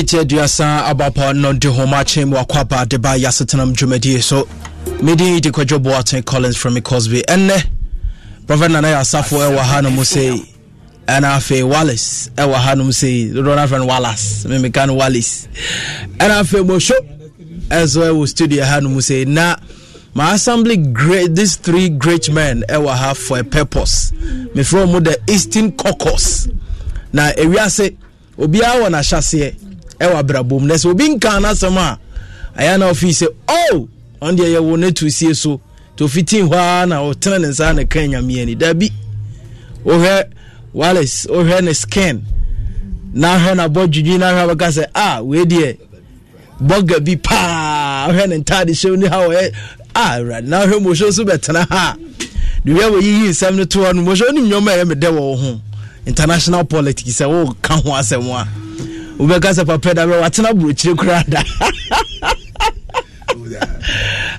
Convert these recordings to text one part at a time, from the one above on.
ɛti aduasa abapa no de homa akyen mu akɔ aba de ba yɛasetenam dwumadie so mede de kwadwo boaten collins from cosby ɛnnɛ prɔfɛt nana yɛasafo ɛwɔ ha no mu sei ɛna afei wallace ɛwɔ ha no mu sei dodoɔ no afrɛ wallace memeka no wallace ɛna afei mɔhyo ɛso ɛwɔ studio ha no sei na my assembly great these three great men ɛwɔ ha for a purpose mefrɛ mu the eastern caucus na ewiase obiara wɔ n'ahyɛseɛ ɛwɔ abrabom na sɛ obi nka n'asɛm a ɛyɛ na ɔfi sɛ oh ɔn deɛ yɛwɔ ne tu sie so to fitin hɔ ara na ɔtena ne nsa na kan nyameɛ ni dabi wohwɛ wallace wohwɛ ne skin na hwɛ na dwidwi na hwɛ bɛka sɛ ah wei deɛ bɔga bi paa wohwɛ ne ntaade hyɛw ni ha wɔyɛ ah awurade na hwɛ mɔhyɛ nso bɛtena ha de wia wɔyiyi nsɛm no to hɔ no mɔhyɛ ne nnwom ɛyɛ medɛ wɔ wo ho international politics sɛ woka ho asɛm a wobɛka sɛ papa da bɛ watena burokyire koraa da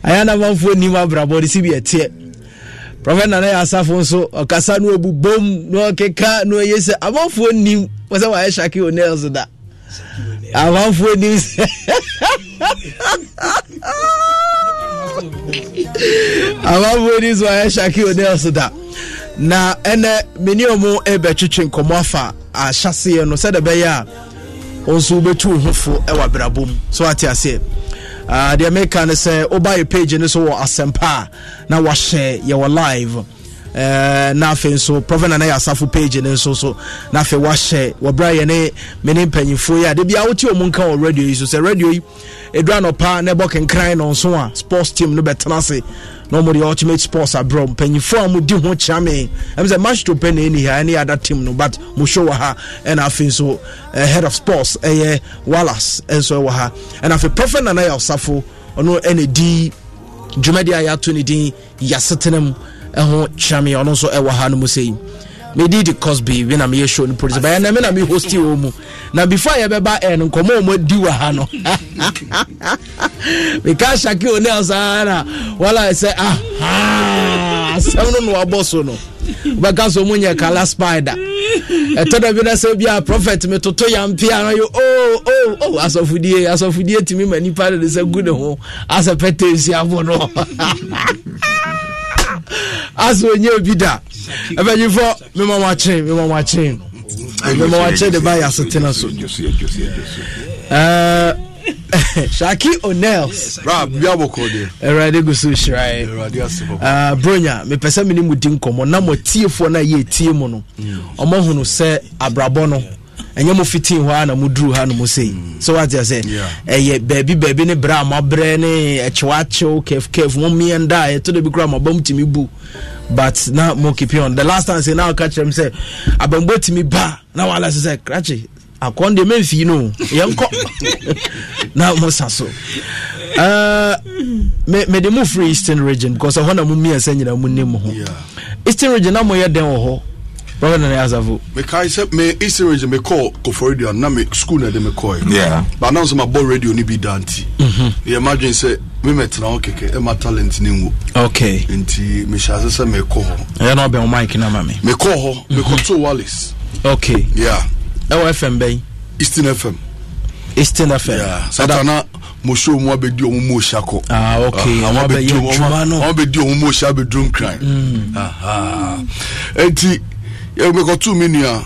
ayɛ na manfoɔ nim abrabɔ de si bi ɛteɛ prɔfɛt nana yɛ asafo nso ɔkasa no ɔbu bom na ɔkeka na ɔyɛ sɛ amanfoɔ nim wɔ sɛ wayɛ shaki onel so da amanfoɔ nim sɛ amanfoɔ nim sɛ wayɛ shaki onel da na ɛnɛ mene ɔmo ɛbɛtwetwe nkɔmmɔ afa ahyɛseɛ no sɛdeɛ bɛyɛ a wo nso wobɛtu wo ho fo abrabɔ mu so wate aseɛ uh, ah, deɛ meka ne sɛ woba yɛ page no so wɔ asɛmpa a na wahyɛ yɛwɔ live Uh, na afei nso prɔfɛ nana yɛ asafo page ne nso so na afei wahyɛ wɔbrɛ yɛ ne me ne mpanyimfoɔ yi a de bia wote ɔmo nka wɔ radio yi so sɛ radio yi ɛdura nɔpa na ɛbɔ kenkran no a sports team no bɛtena ase na wɔn de ultimate sports abrɔ mpanyinfoɔ a wɔn di ho kyerɛ me ɛmu sɛ match to pɛ na ɛni ha ɛne ada team no but mo show wɔ ha ɛna afei nso eh, head of sports ɛyɛ wallace ɛnso ɛwɔ ha ɛna afei perfect nana yɛ ɔsafo ɔno ɛna di dwumadi a yɛato ne din yasetenam ɛho kyerɛ me ɔno nso ɛwɔ ha no mu sɛ yi mede de cosby bi na meyɛ show no producer bɛyɛ nɛ me na me hosti wɔ mu na before yɛbɛba ɛn nkɔmmɔ ɔ mu adi wɔ ha no meka shaki onel saa na wala sɛ aha asɛm no no wabɔ so no wobɛka so mu nyɛ kala spider ɛtɔ da bi na sɛ bia prophet metoto yampea no yɛ o o o asɔfodie asɔfodie tumi ma nipa no de sɛ gu ne ho asɛ pɛtɛnsiabo no asɛ ɔnyɛ obi da ɛbɛnyimfo mema mo akyen mema mo akyen mema mo akyen de ba yɛ asetena so Shaki eh. O'Nels. Eh, Awurade gu so hyirae. Uh, Bronya, mepɛ sɛ mene mu di nkɔmmɔ na mɔtiefoɔ no a yɛtie mu no ɔmahunu sɛ abrabɔ no ɛnyɛ mo fitin hɔ a na mo duru ha no mo sei mm. so wate sɛ ɛyɛ baabi baabi ne berɛ a moabrɛ ne ɛkyew e akyew kefkef mo mmiɛ nda a e ɛto da bi koraa moaba mu bu but na mo kepi on the last time sɛ na ɔka kyerɛ m sɛ abambɔ tumi ba na wala sɛ sɛ krakye akɔn deɛ mɛmfii no yɛnkɔ na mo sa so uh, mede mo firi eastern region because ɛhɔ na mo mmiɛnsa nyina mu ne ho eastern region na moyɛ den wɔ hɔ báwo nana yà sàfo. mẹka sẹ mẹ eastern region mẹ kọ kọfọ radio na mẹ school na de mẹ kọ yẹ but anam sọ ma bọ radio ni bi da nti yẹ ma dwen sẹ mi mẹ tẹnɛ wọn kɛkɛ ɛ ma talent ni n wo. ok nti mɛ sɛ asɛsɛ mɛ kɔ hɔ. ɛyɛ na ɔbɛn o mic na ma mi. mɛ kɔ hɔ mɛ mhm. kɔ to wallace. ok yeah. ɛwɔ fm bɛyi. eastern fm. eastern fm. yeah satana mo show mu abedi ɔmo mo sa kɔ. ah ok ah, ɔmo abɛyɛ ɔmo ɔmo abɛdi ɔmo mo sa abɛduru nkran. ɛnti. Mm yeah, we got two million. Yeah.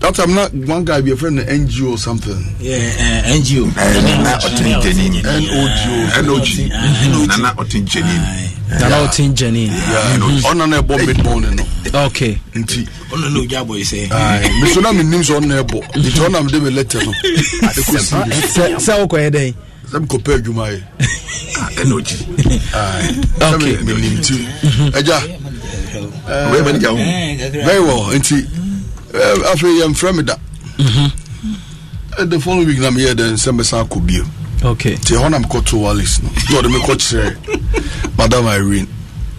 That time, not one guy be a friend of NGO or something. Yeah, uh, NGO. Eh, Nana Otin Jenin. NGO. NGO. Nana Otin Jenin. Nana Otin Jenin. Yeah, on an airborne mid morning. Okay. Nti. On an oja boy say. Aye. Misuna mi nims on airborne. Nti on am dem letter no. Sa sa okwa eden. sɛm kɔpɛ adwuma yɛ ɛna ogyi sɛ menim ti agya wɛyɛ manager wo very well nti afei yɛmfrɛ me da mm-hmm. eh, the following week na meyɛ dɛ sɛ mɛsan akɔ bio nti ɛhɔ na mekɔto wallis no na ɔde mekɔ kyerɛ madam irene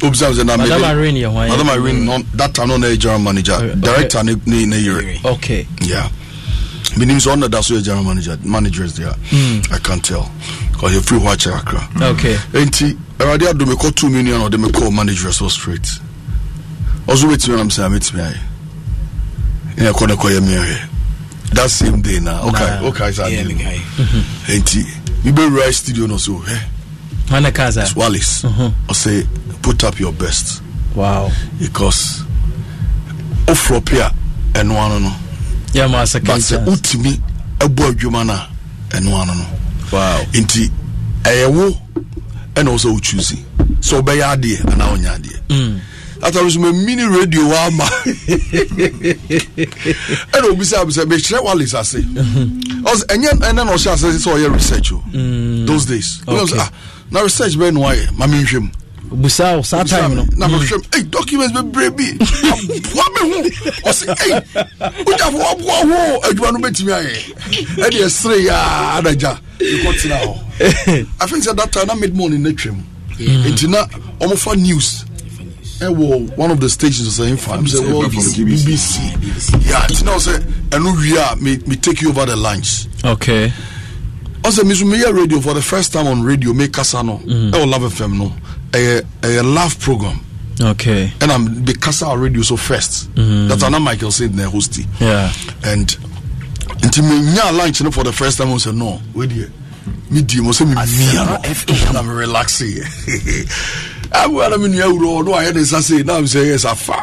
obisam sɛ na madam irene yɛ hwan madam irene no that time no na yɛ general manager okay. director ne ne ne yere okay yeah menim sɛ ɔna da so yɛ general manager managers there mm. i can't tell because yɛfiri hɔ akyɛ akra okay nti awurade adome kɔ two million ɔde mekɔɔ managers so straight ɔso bɛtumi nam sɛ mɛtumi ayɛ ɛyɛ kɔ ne kɔyɛ meɛhwɛ that same day na wokae saa deɛ no enti mebɛwura studio no so hɛ eh? wallace ɔsɛ uh-huh. put up your best wow. because wofrɔ pe a ɛnoa no no but sɛ wotumi ɛbɔ adwuma no a ɛnoa no no nti ɛyɛ wo ɛna wo sɛ wo choose sɛ wobɛyɛ adeɛ anaa wonya adeɛ atare so mini radio wa ama ɛna obisa bisɛ mekyerɛ wallace ase ɔs ɛnyɛ ɛnɛ na ɔhyɛ ase sɛ ɔyɛ research o mm. those days okay. ah, na research bɛyɛ no wayɛ ma menhwɛ mu busa mm. o saa time no na mahwɛ m ei documents bebree bi aboa me ho ɔse ei wogyafo waboa ho adwuma no bɛtumi ayɛ ɛne ɛsere yɛa adagya mekɔtena hɔ i think sɛ that na mid morning na twam nti na ɔmofa news ɛwɔ one of the stations sɛ nfa mi sɛ wɔ bbc ya ti na sɛ ɛnu wia mi mi take you over the lunch. okay. ɔsɛ mi nso mi yɛ radio for the first time on radio mi kasa no ɛwɔ mm. love fm no ɛyɛ ɛyɛ laugh program. okay. ɛna mi kasa our radio so first. Mm. that's another michael said na host yeah. and nti mi nya lunch no for the first time ɔsɛ no wey deɛ mi di mo sɛ mi mia no na mi relax yɛ awo ara mi nua wuro ɔno ayɛ ne nsa se na sɛ yɛ safa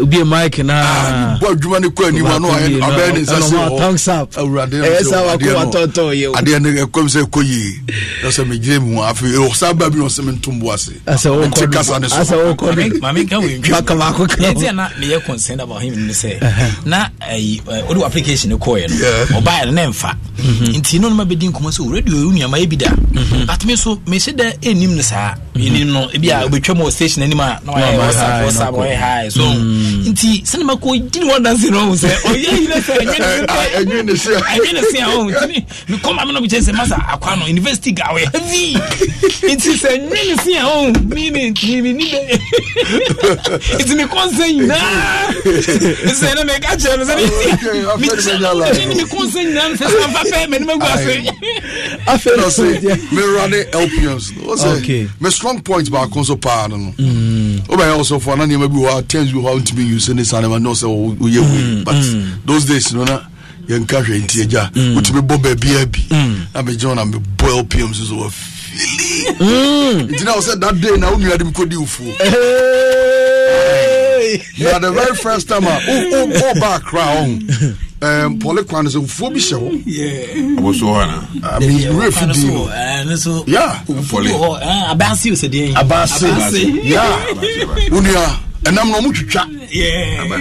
obi mike na ah, bɔ adwuma ne kɔ anim ano ayɛ abɛyɛ ne nsa se hɔ awurade ɛyɛ sa wakɔ watɔtɔ yɛ o adeɛ ne ɛkɔm sɛ ɛkɔ yie na sɛ megyina mu afei ɛwɔ saa ba bi na ɔsɛ me ntom bo ase asɛ wɔkɔ kasa ne so asɛ wɔkɔ no maame nka wɔ ntwa baka baako ka yɛnti na meyɛ concerned about him ni sɛ na ɔde wɔ application ne kɔɔyɛ no ɔbaeɛ no no no ma bɛdi nkɔmmɔ sɛ oh, radio ɛwo nuama yɛ bi da but mhm. me so mehyɛ da ɛnim no saa mhm. ɛnim no obetwa mu station anim a na wayɛ whatsapp whatsapp ɔyɛ hi so hmm. nti sani ma ko di ni wɔn dansi na ɔhun sɛ ɔyɛ yi sɛ ɛnyɛ se ɛnyɛ se ɔhun nti mi kɔ maa mi na sɛ masa akwa no university ga ɔyɛ heavy nti sɛ ɛnyɛ se ɔhun mi ni mi ni nti mi nsɛ nyinaa sɛ ɛna mi kyerɛ no sɛ mi kyerɛ nsɛ nyinaa sɛ sɛ nfa pɛ mɛ ni ase. afei na se mi ra ne sɛ mi strong point baako so paa no no wobɛyɛ ɔsɔfoɔ na nneɛma bi wɔ terms bi hɔ a wontumi use ne saa nneɛma ne sɛ woyɛ wei mm, but mm. those days no na yɛnka hwɛ nti agya mm. wotumi bɔ baabia bi na megyina na mebɔ lpm so so wafili nti na wɔ sɛ that day na wo nua de mkɔdi wofuo na the very first time a uh, ɔba oh, oh, oh, akra ɔho um, pɔle kwan no sɛ mfuo bi hyɛ hɔ ɔbɛsoɔ hana mewura fidii no abase wo nua ɛnam na ɔmo twitwa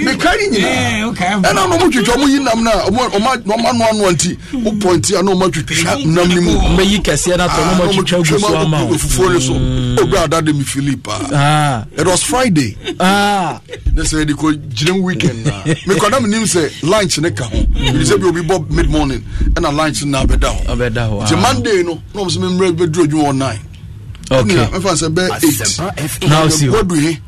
meka ne nyinaa ɛnam na ɔmo twitwa ɔmo yi nam na ɔma noa noa nti wo pɔnti a na ɔma nam ne mu mɛyi kɛseɛ no atɔ na ah, gu so ama mm. wo fufuo ne so ɔbra ada de me fili ah. it was friday ah. ne sɛ yɛde kɔ gyerem weekend na mekɔda menim sɛ lunch ne ka ho ɛfiri sɛ bi obi bɔ mid morning ɛna lunch na abɛda hɔ nti monday no na ɔm sɛ memmrɛ bɛduru adwuma wɔ 9 okay. mɛfa sɛ bɛ 8 na wodu he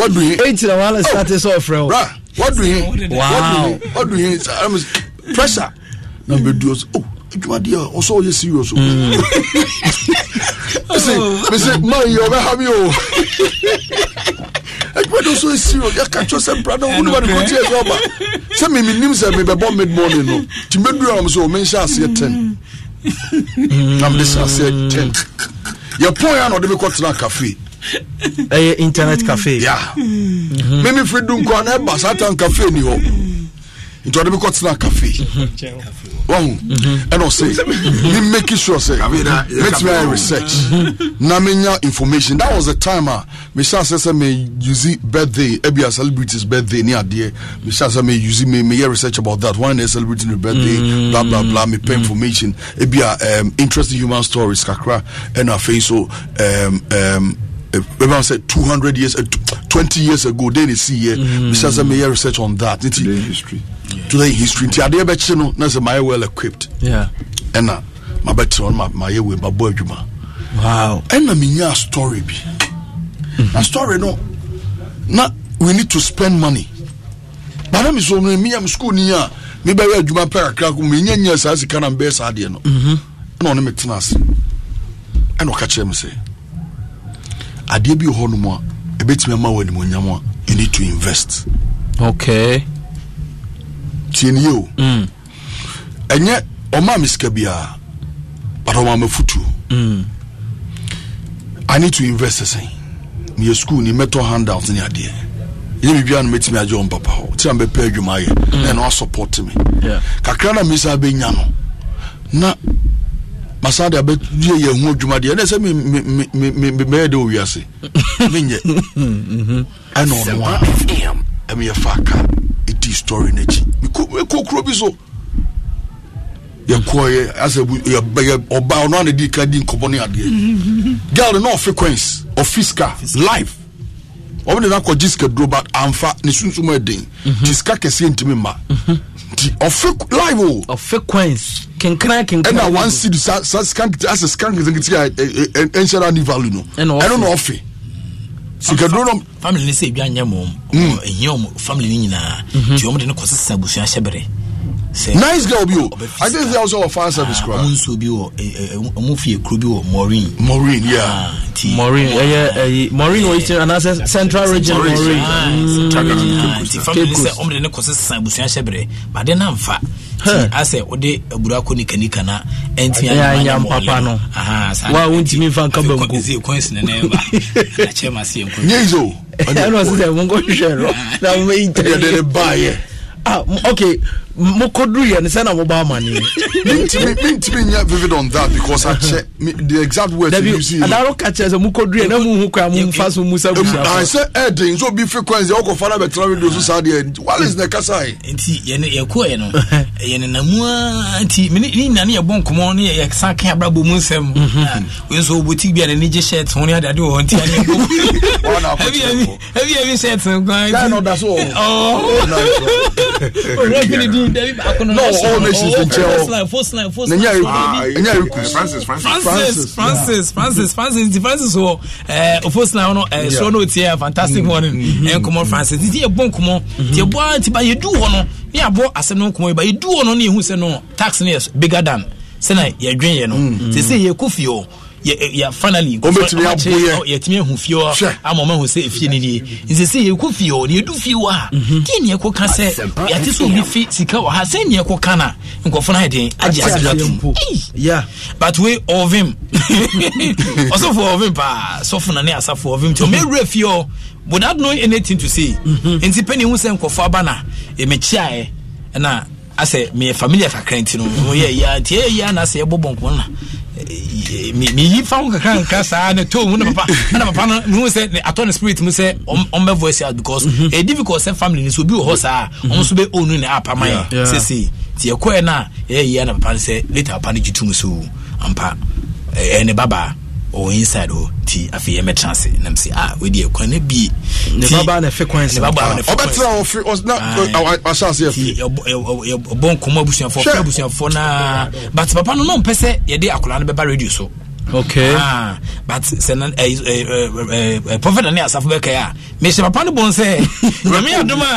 what do you eight na wàhálà start sọ ọfrẹ o bra what do you wow what do i'm pressure na bẹ du ọsọ oh adwumadeɛ a ɔsɔ ɔyɛ serious o ɛsɛ ɛsɛ man yɛ ɔbɛ ha mi o adwumadeɛ ɔsɔ ɔyɛ serious yɛ kakyɛ sɛ mpira na ɔmu nipa ne kɔnti ɛsɛ ɔba sɛ mímí nim sɛ mi bɛ bɔ mid morning no tí mi dura ɔmu sɛ ɔmu n hyɛ aseɛ ten na mi de hyɛ aseɛ ten yɛ pɔn yɛ anɔ de mi kɔ tena kafe. ɛyɛ internet cafe ya mhm. mimi firi du nkɔ na ɛba saa tan cafe ni hɔ nti ɔde bi kɔ tena cafe wɔn mhm. ɛna ɔsɛ mi make sure sɛ mɛtumi me research mhm. na mi nya information that was the time a Me hyɛ asɛ sɛ mi use birthday ebi a celebrities birthday ni adeɛ mi hyɛ asɛ me use mi mi yɛ research about that one day celebrating the birthday mm. bla bla bla mi pɛ information ebi a um, interesting human stories kakra ɛna afei so. Um, um, everyone said 200 years, uh, 20 years ago, they see here. Mm. Mr. Zame, research on that. Today in history. Today in history. Nti adeɛ bɛkye no na sɛ well equipped. Yeah. And Ɛna mabɛtena hɔ mayɛ wei mabɔ adwuma. Wow. Ɛna menya story bi. Mm-hmm. a story no na we need to spend money. Bana mi so no mi am school ni a mi bɛyɛ adwuma pɛ kakra ko menya nya saa sika na mbɛyɛ saa adeɛ no. Mm-hmm. Ɛna ɔne me tena ase. Ɛna ɔka kyerɛ me sɛ adeɛ bi hɔ nom a ɛbɛtumi ama wɔ animonyam a you need to invest okay tie ne yio mm. ɛnyɛ ɔma me sika biara but ɔma ma futuo mm. i need to invest sɛn meyɛ school ni mɛtɔ handout ne adeɛ yɛ biribia no mɛtumi agye wɔ mpapa hɔ tira mbɛpɛ adwuma ayɛ mm. na ɛno asupport me kakra na mesa bɛnya no na masade abɛyɛ yɛn ho adwuma deɛ ɛnɛ sɛ mɛyɛ dɛ owiase menyɛ ɛna ɔno a ɛmeyɛ fa ka ɛdi story no akyi mekɔ kuro bi so yɛkɔɛ asɛ ɔba ɔno a na di ka di nkɔmmɔ ne adeɛ girl no na ɔfiska life ɔmo de na akɔ gye duro ba anfa ne sunsun mu ɛden ti sika kɛseɛ ntumi ma nti ɔfe live ɔfe oh. coins kankan kankan. ɛna one seed sa sa sika asɛ sika nketenkete a ɛnhyɛ na ni value no ɛno na ɔfe sika duro no. family ne sɛ ebi anya mu ɛhiɛ mm. family ne nyinaa mm-hmm. ti ɔmo de ne kɔ sisan abusua hyɛ nice girl bi o i think they also were fan service kura. ọmọ nso bi wọ ọmọ fi ekuro bi wọ maureen. maureen ya. maureen ẹyẹ ẹyẹ maureen wọ eastern anase central region maureen. ti family sẹ ọmọ de ne kọ sẹ sisan ebusua hyẹbẹrẹ bade náà nfa ti asɛ wode abura kɔ nikanika na ɛnti anyam papa no wa wontimi mfa nka bankunyezo ɛne ɔsesɛ monkɔhwehwɛ no na momɛyitɛdene Ah, okay mokɔduruyɛ no sɛ na mobaa amane mentimi vivid on that because akyɛ the exact word ka kyerɛ sɛ mokɔduruyɛ na muhu kɔ a momfa so mu sa um, busuasɛ ɛden sɛ obi frequency wokɔfa no bɛtra radio so saa deɛ wales na ɛkasae nti yɛkɔɛ no yɛne namu nti mhm, mhm. Ah, ne ne yɛbɔ nkɔmmɔ ne yɛsa ka abrabɔ mu nsɛm nso wobɔti bia n'ani gye shirt ho ne adade wɔ nti ɛbiabi shirt no all nations in chair first line first line francis francis francis francis francis nti francis wɔ ɛɛ first line no ɛɛ sɔɔ n'o tiɛ fantastic one ɛnkɔmɔ francis nti yɛ bɔ nkɔmɔ tiɛ bɔ ti ba yɛ du hɔ no ne yɛ bɔ asɛm no nkɔmɔ yɛ ba yɛ du hɔ no ne yɛ hu sɛ no tax ne yɛ bigger than sɛnɛ yɛ dwen yɛ no sɛ sɛ yɛ kofi o yɛ eh, finally yɛtumi oh, ahu fie hɔ ama ɔma hu sɛ ɛfie no die nsɛ sɛ yɛkɔ fie hɔ ne yɛdu fie hɔ a deɛ ne yɛkɔka sɛ yɛate sɛ obi fi sika wɔ ha sɛ ne yɛkɔka no a nkɔfo no ayɛden agye asedatom but wei ɔvim ɔsɔfo ɔvim paa sɔfo na ne asafo ɔvim nti ɔmɛwura mhm. fie hɔ without knowing anything to say mhm. nti pɛ ne hu sɛ nkɔfo aba na ɛmɛkyiaeɛ e ɛna e asɛ meyɛ familia kakra nti no moyɛ yia nti ɛyia na asɛ yɛbɔ bɔnkɔ na eh, meyi fa ho kakra nkra saa ne tɔ mu ne papa ana papa no mehu sɛ ne atɔ ne spirit mu sɛ ɔmbɛvoɛ sɛ because ɛyɛ mhm. difficult sɛ family no so obi wɔ hɔ saa mhm. ɔmo so bɛɔnu ne apama yɛ sesei nti yɛkɔɛ no a ɛyɛ na papa no sɛ later papa no gye tom so ampa ɛyɛ ne babaa ɔwɔ inside hɔ ti afei yɛmɛtena ase nam sɛ ah wodi ɛkwan na bie ɔbɛtena ɔbɔ nkɔmmɔ abusuafoɔ fra abusuafoɔ naa but papa no na ɔmpɛ sɛ yɛde akwadaa no bɛba radio so okay ah, but sɛ na eh, eh, eh, prophet Ani asafo bɛkae a ah, mehyɛ papa no bon sɛ rame adom a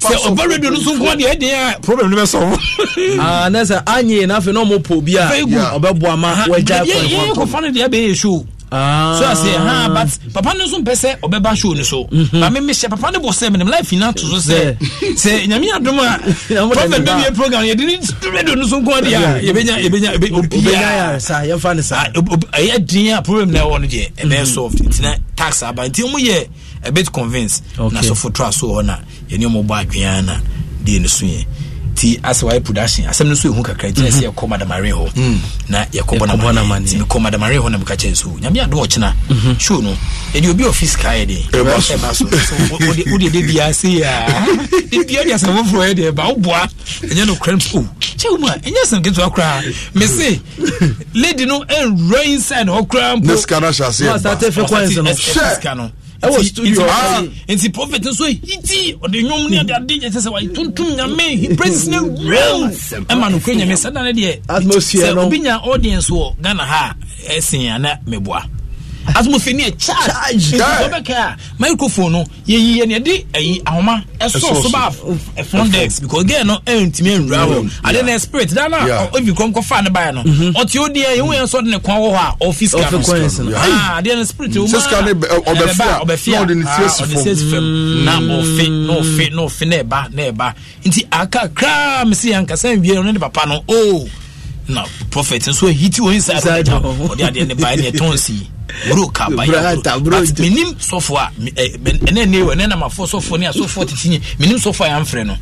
sɛ ɔba radio no so nkoa deɛ ɛden a ah. problem no bɛsɔwo ah, na sɛ anyee na afei na ɔmɔpɔ bi a ɔbɛboa ma wagyae kɔfa no deɛ bɛyɛ show Ah. so ase ha but papa no nso mpɛ sɛ ɔbɛba show no so mhm. ma me mehyɛ papa no bɔ sɛ menem life na to so sɛ sɛ nyame adom a prophet bɛwie program yɛde ne radio no so nko ade a yɛbɛnya yɛbɛnya obiayɛmfa ne saa ah, ɛyɛ den a problem na ɛwɔ no deɛ ɛbɛyɛ mhm. soft nti na tax aba nti mu yɛ a bit convince na sɔfo tra so hɔ na yɛne ɔmɔbɔ adwea na deɛ no so yɛ ti asɛwaɛ production asɛm no nso ɛhu kakra gyina mhm. sɛ yɛkɔ madamare hɔ mm. na yɛkɔbɔ namane mekɔ madamare hɔ na meka kyɛ nso nyame ade ɔkyena mhm. show no ɛde obi ɔfi sika yɛ de ɛba so wode de bia sɛ ya, de bia de asɛm foforɔ yɛ de ɛba woboa ɛnyɛ no kra o kyɛ mu a ɛnyɛ asɛm ketewa koraa me se lady no ɛnwura inside hɔ koraa mpo na sika no ahyɛ aseɛ ba sika no ɛwɔ studio nti prophet nso yiti ɔde nwom ne ade ade kyɛ sɛ wayi tuntum nyame praises ne real ɛma no kure nyame sɛ dan ne deɛ sɛ obi nya audience wɔ ghana ha ɛsɛn ana mɛboa asomofin ni yɛ charge nti bɛ kɛ a microphone no yɛyi yɛ ni yɛde ɛyi ahoma ɛso so ba ɛfon dex because gɛɛ no ɛntumi nwura hɔ ade na spirit dana ebi kɔn kɔfa ne ba yɛ no ɔte o deɛ yɛn wɔn yɛn sɔ de ne kɔn wɔ hɔ a ɔfi sika no aa adeɛ na spirit o ma sika ne ɔbɛfia ɔbɛfia ɔde ne tiesi fam na ɔfe na ɔfe na ɔfe na ɛba na ɛba nti aka kraa mesi yankasa nwie no ne papa no ooo. Oh na prophet nso eyi ti oyin sa ɛdja ɔde adeɛ ne ba ɛni ɛtɔn si bro ka ba ya bro but minim sɔfo a eh, ɛnɛ ne wɔ ɛnɛ nam afɔ sɔfo ne asɔfo titi nye minim sɔfo a yan frɛ no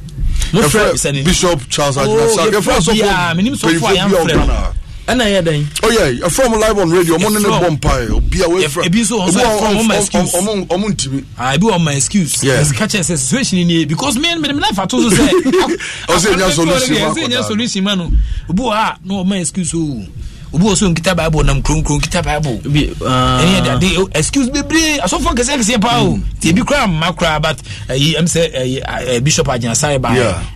mo frɛ bisani bishop charles adjumasa oh, yɛfrɛ sɔfo pɛyifo bi ɔgana ɛna ɛyɛ dɛn. ɔyɛ ɛfura mu live on radio ɔmo ne bɔ npa yɛ obi a wɔyɛ ebi nso ɔmo ɛfura ɔmo ma excuse ɔmo ɔmo ntumi. aa ah, ebi ɔmo ma excuse. yɛ ɛsika kyɛ sɛ situation ni ye because mi mi mi nafa to so sɛ. ɔsɛ n yɛ solution ma kɔta ɔsɛ n yɛ solution ma no obi wɔ ha na excuse o obi wɔ so nkita bible nam kurom kurom nkita bible ɛni ɛdi ah. ade excuse bebree asɔfo kɛseɛ kɛseɛ paa o mm. ti ebi kura mma kura but ɛyi ɛm sɛ ɛyi bishop agyinasare baa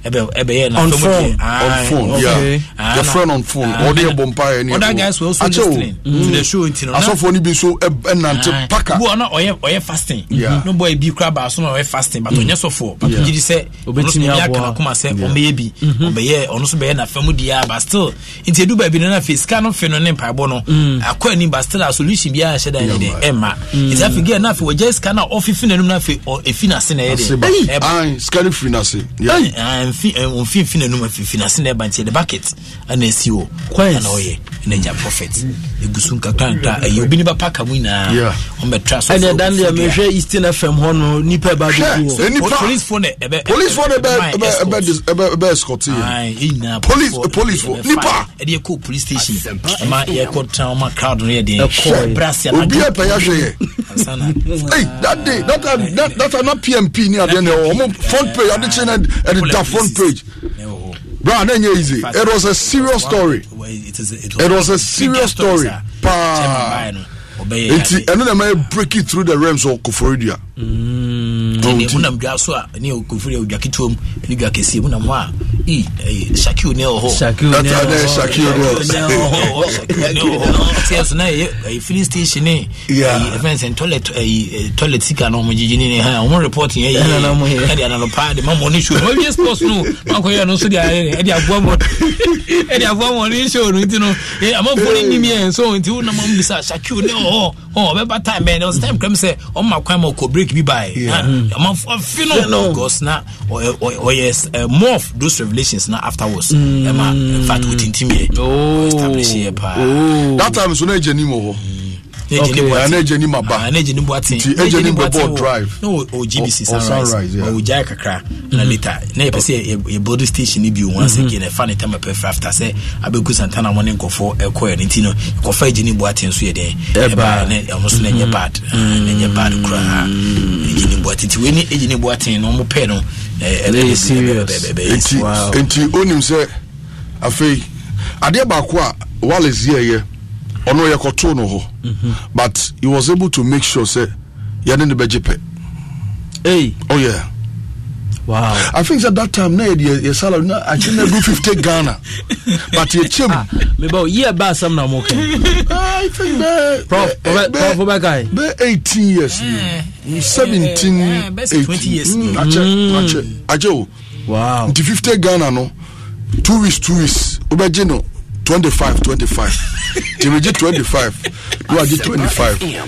ɛbɛ ɛbɛ yɛ na on phone on phone yeah Your ah, friend on phone ah, ɔde yɛ bɔ mpaeɛ ni other guys were also listening to mm. the show nti no asɔfo ni bi so ɛnante paka bu ɔna ɔyɛ ɔyɛ fasting no bɔ ebi kura baa so na ɔyɛ fasting but mm. ɔnyɛ sɔfo but ɔgye di sɛ ɔno so ɔyɛ akana kuma sɛ ɔbɛyɛ bi mm-hmm. ɔbɛyɛ ɔno so bɛyɛ na fɛn mu di but still nti edu baabi no na fe sika no afe no ne mpaebɔ no akɔ anim but still a solution biara hyɛ da ne de ɛma nti afei gɛɛ no afei wɔgya sika no a ɔfifi n'anim no afei ɛfi n'ase na ɛyɛ de sika no firi n'ase ɔmfi mfi n'anim afifi n'ase na ɛba nti yɛde bucket ana ɛsi hɔ ana ɔyɛ ɛna agya profit ɛgu so nkakrankra ɛyɛ obi ne bɛpaka mu nyinaa ɔmbɛtra so ɛne ɛda no deɛ mehwɛ eastern fm hɔ no nipa ɛba policefoɔ ne policefoɔ ne ɛbɛ ɛbɛ ɛbɛ ɛscɔte yɛ policefoɔ nipa ɛde ɛkɔ police ma yɛkɔ tena ma crowd no yɛ deɛ brase obi a pɛyɛ hwɛ yɛ hey that day that time that that time na pmp ni adeɛ na ɛwɔ ɔmo front page ade kye na ɛde da front page bro ade nye easy it was a serious story it was a serious story paa nti ɛno na mayɛ break it through the realms of koforidua wonam mm, dwa so a ne kofiri dwa ketewa mu ne dwa kɛseɛ mu nam hɔ a shakio ne ɔhɔsɛso na ɛyɛ fili station ne ɛfɛn sɛ toilet toilet sika no ɔmogyegye ne ne ha ɔmo report yɛ yɛde ananɔpaa de ma ma ɔne show no ɔwie sports no makɔyɛ no nso de ayɛ ɛde aboa ma ɛde aboa ma ɔne show no nti no amafoɔ no nyim yɛ so nti wonam ambisa shakio ne ɔ ɔmo ɔ ɔbɛba time bɛn ɔsɛ time kɛm sɛ ɔma kwan ma ɔkɔ break bi ba yi ah, ɔma fi no because na ɔyɛ more of those revelations na afterwards ɛma in fact mm. wotintim yɛ oh. establish yɛ paa oh. that time so na agya nim wɔ ana agye ni ma ba ana agye ni bu aten ah, nti agye ni bɛ bɔ oh. drive na o gbc sunrise ma o gya kakra na mm-hmm. later na yɛpɛ sɛ mm-hmm. yɛ build ni bi o once mm-hmm. again ɛfa ne time pɛfɛ after sɛ abegu santana mo ne nkɔfɔ ɛkɔ yɛ ne ti no nkɔfɔ agye ni bu aten ne ɛmo so na nyɛ bad ah, na no ɛɛ ɛbɛ bɛ onim sɛ afei adeɛ baako a wale zi ɔno yɛ kɔtoo no hɔ but he was able to make sure sɛ yɛne ne bɛgye pɛ hey. oh yeah Wow. I think at that time na yɛ yɛ salary na akyɛ na do fifty Ghana but yɛ kyɛm. Mebɔ year ba asam na mo ah, I think bɛ. Prof bɛ eh, eh, prof bɛ ka ye. Bɛ eighteen years. Eh, Seventeen eighteen. Twenty years. Akyɛ akyɛ akyɛ o. Wow. Nti fifty Ghana no two weeks two weeks o bɛ 25 25 tìmìjì 25 ní wàá jí 25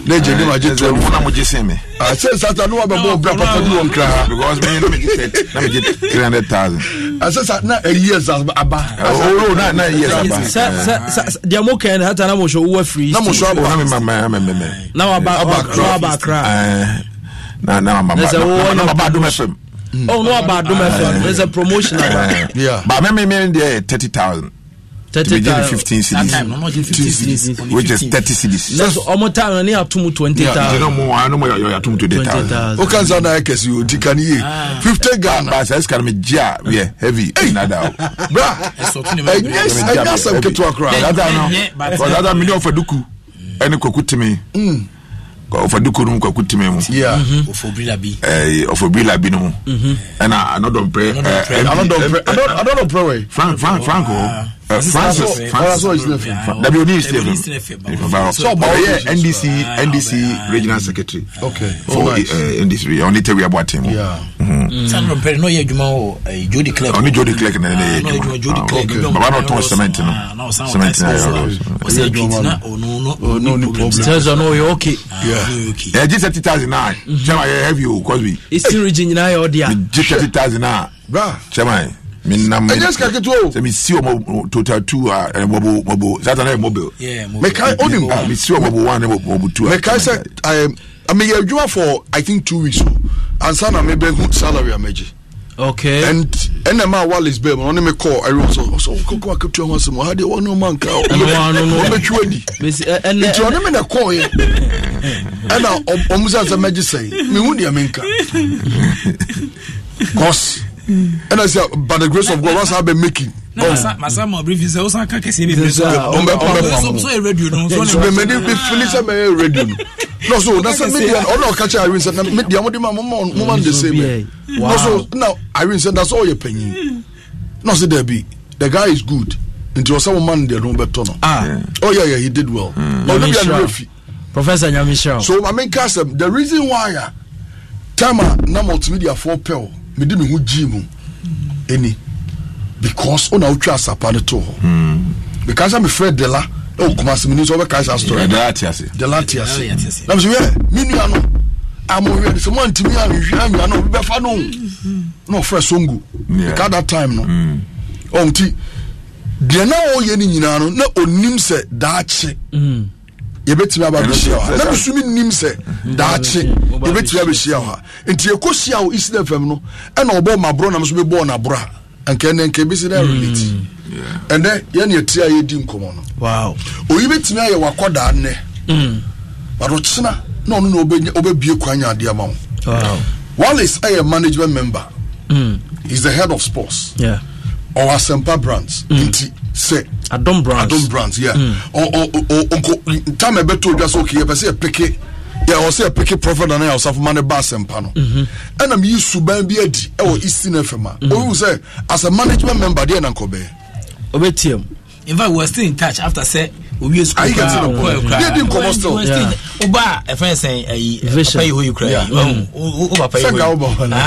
ní èjì ní wàá jí 25. wọn àmójì sí mi. àṣẹ sata ní wàá bẹ bọ ọbẹ pàpà ní wọn because mi ní mi three hundred thousand. àṣẹ sa na eyi yẹ sa aba. owó náà na eyi yẹ sa aba. sa sa sa diẹ mo kẹ́ ẹ̀ náà tán náà mo sọ owó firi. náà mo sọ abọ hàn mi ma ma ma ma ma. náà wàá bá a kra. náà náà wàá bá a dùn mẹ́fẹ̀m. ọ̀hún náà wàá bá a dùn mẹ́fẹ̀m. it's a promotion. bàmí mi mi ń di ẹ̀ thirty thousand. 30 thousand that time no no give 15 cities which is 30 cities na so ọmọ ta na ni atum 20 thousand na mo ano mo yọ atum 20 thousand o kan sa na kesi o di kan ye 50 ghana ba sa ska me gia we heavy na da o bra mm. yes mm-hmm. eh, mm-hmm. i got some keto akra that no but that million for duku ẹni kọkú tìmí ɔfɔduku no mu kwaku timi mu ɔfɔbirila bi no mu ɛna anɔdɔmprɛ anɔdɔmprɛ wɛ frank frank hɔ oh. ah francis francis ọ ìsinẹ fẹ nfa dabi oni ìsinẹ fẹ nfa so ọba ọ yẹ ndc ndc regional secretary for ndc ọni tẹwi abo ati mu. sanni rọpẹrẹ n'o ye juma o uh, jodi clerk. ọni jodi clerk nana uh, ah, ne ye juma baba n'o ah, tọn cement nu ah, cement na yọrọ. ọsẹ jọnma n'o ni oh, problem. sẹsọ n'o ye ok. ẹ ji thirty thousand naa jama yẹ heavy o cause we. isi region nyinaa y'o di yan. ji thirty thousand naa jama ye menam ɛnyɛ sika ketewa o sɛ mesi ɔ total two ah, eh, a mɔbo mɔbo sata na yɛ mobile mekae onim ah, mesi ɔ mɔbo one ne mɔbo two mekae sɛ meyɛ adwuma for i think two weeks o oh. ansa na mebɛhu salary a ah, magye okay and ɛna ma wallace bɛɛ mu ɔne mi kɔ ɛri ɔsɔ ɔsɔ koko aketewa ho asɛm ɔha deɛ ɔne ɔma nka ɔbɛtwiwa di nti ɔne mi na kɔɔ yɛ ɛna ɔmusa sɛ mɛgye sɛn mehu deɛ menka cause ɛna mm. sɛ by the grace of god wasa bɛ make it. masa ma briefing sɛ wosan ka kɛseɛ bebree so ɔmbɛ pam so yɛ radio no so mɛ de bi so na media ɔna ɔka kyerɛ irene sɛ na deɛ mode ma moma no so na irene sɛ na sɛ ɔyɛ panyin na ɔsɛ daabi the guy is good nti ɔsɛ wo ma no deɛ no wobɛtɔ no oh yeah yeah he did well ɔno mm. bia professor nyamehyiaw so mamenka sɛm the reason why uh, a time a multimedia foɔ pɛw e mede me ho gyee mu ɛni because wona wotwa asapa no to hɔ mekaa hmm. sɛ mefrɛ dela ɛwɔ kumase meni sɛ wobɛkae saa story dela te ase na mesɛ wɛ me nua no amohwɛ no sɛ moantimi anhwɛ anwa no obi bɛfa no hmm. na ɔfrɛ songo mekaa that time no hmm. ɔnti deɛ na ɔyɛ ni nyinaa no na ɔnim sɛ daakye yɛbɛtumi aba bɛhyia hɔ na mesumi nnim sɛ mhm. daakye mhm. yɛbɛtumi abɛhyia hɔ a nti yɛkɔ hyia wɔ isi fam no ɛna ɔbɔɔ maborɔ nam so bɛbɔɔ naborɔ a anka ɛnɛ nka ɛbɛsi dɛ relate mm. ɛnɛ yɛne yɛtiri a yɛdi nkɔmmɔ no oyi bɛtumi ayɛ wakɔdaa nnɛ but mm. na ɔno na ɔbɛbie kwan nya adeɛ ma wo wallace ɛyɛ management member mm. I's the head of sports yeah or Asempa brands. Mm. Inti, say Adom brands. Adom brands, yeah. Mm. Or or or unko time beto just okay, but say pick peke, Yeah, or say pick it profit and I also have money bass and panel. And I'm mhm. used to ban be edi or mm. Eastern ma. Mm. Or you say as a management member there and Kobe. Obetium. In fact, we are still in touch after say we use. I get to the point. Yeah, didn't come still woba a ɛfɛn sɛn ayi papa yi hoyi kura yi wo papa yi hoyi sɛnka wo bɔ hɔ na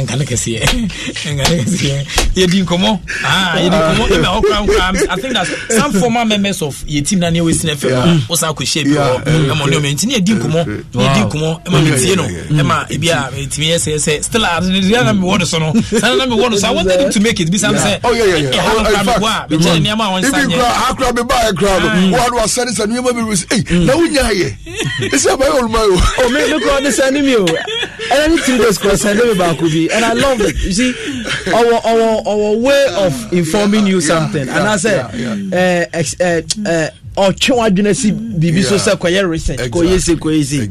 nka ne kɛseɛ nka ne kɛseɛ yɛdi nkɔmɔ aa yɛdi nkɔmɔ ɛmɛ ɔkura nkura i think that some former members of yɛ team na ne yɛ wesin fm a wosan akɔ hyɛ bi wɔ ɛmɛ ɔdi ɔmɛ nti ne yɛdi nkɔmɔ ne yɛdi nkɔmɔ ɛmɛ mi tie no ɛmɛ ebi a tìmi yɛ sɛ sɛ still a ne yɛrɛ na mi wɔ do so no sanni na mi wɔ do so i wanted him to make it bisa sɛ ɛha nkura mi bɔ a bɛ kyɛ ne nneɛma a wɔn nsa nyɛ. ibi kura ha kura mi ba yɛ kura no wɔn a sɛni sɛ nneɛma bi ayɛ ɛsɛ abayɛ oluma yo oh, me me kura ɔde sani mi o ɛna ni three days kura sani mi baako bi and i love it you see our our our way of informing you something and i say ɛɛ ɛɛ. Eh, ɔtwe wadwene si biribi so sɛ kɔyɛ recent kɔyɛ se kɔyɛ se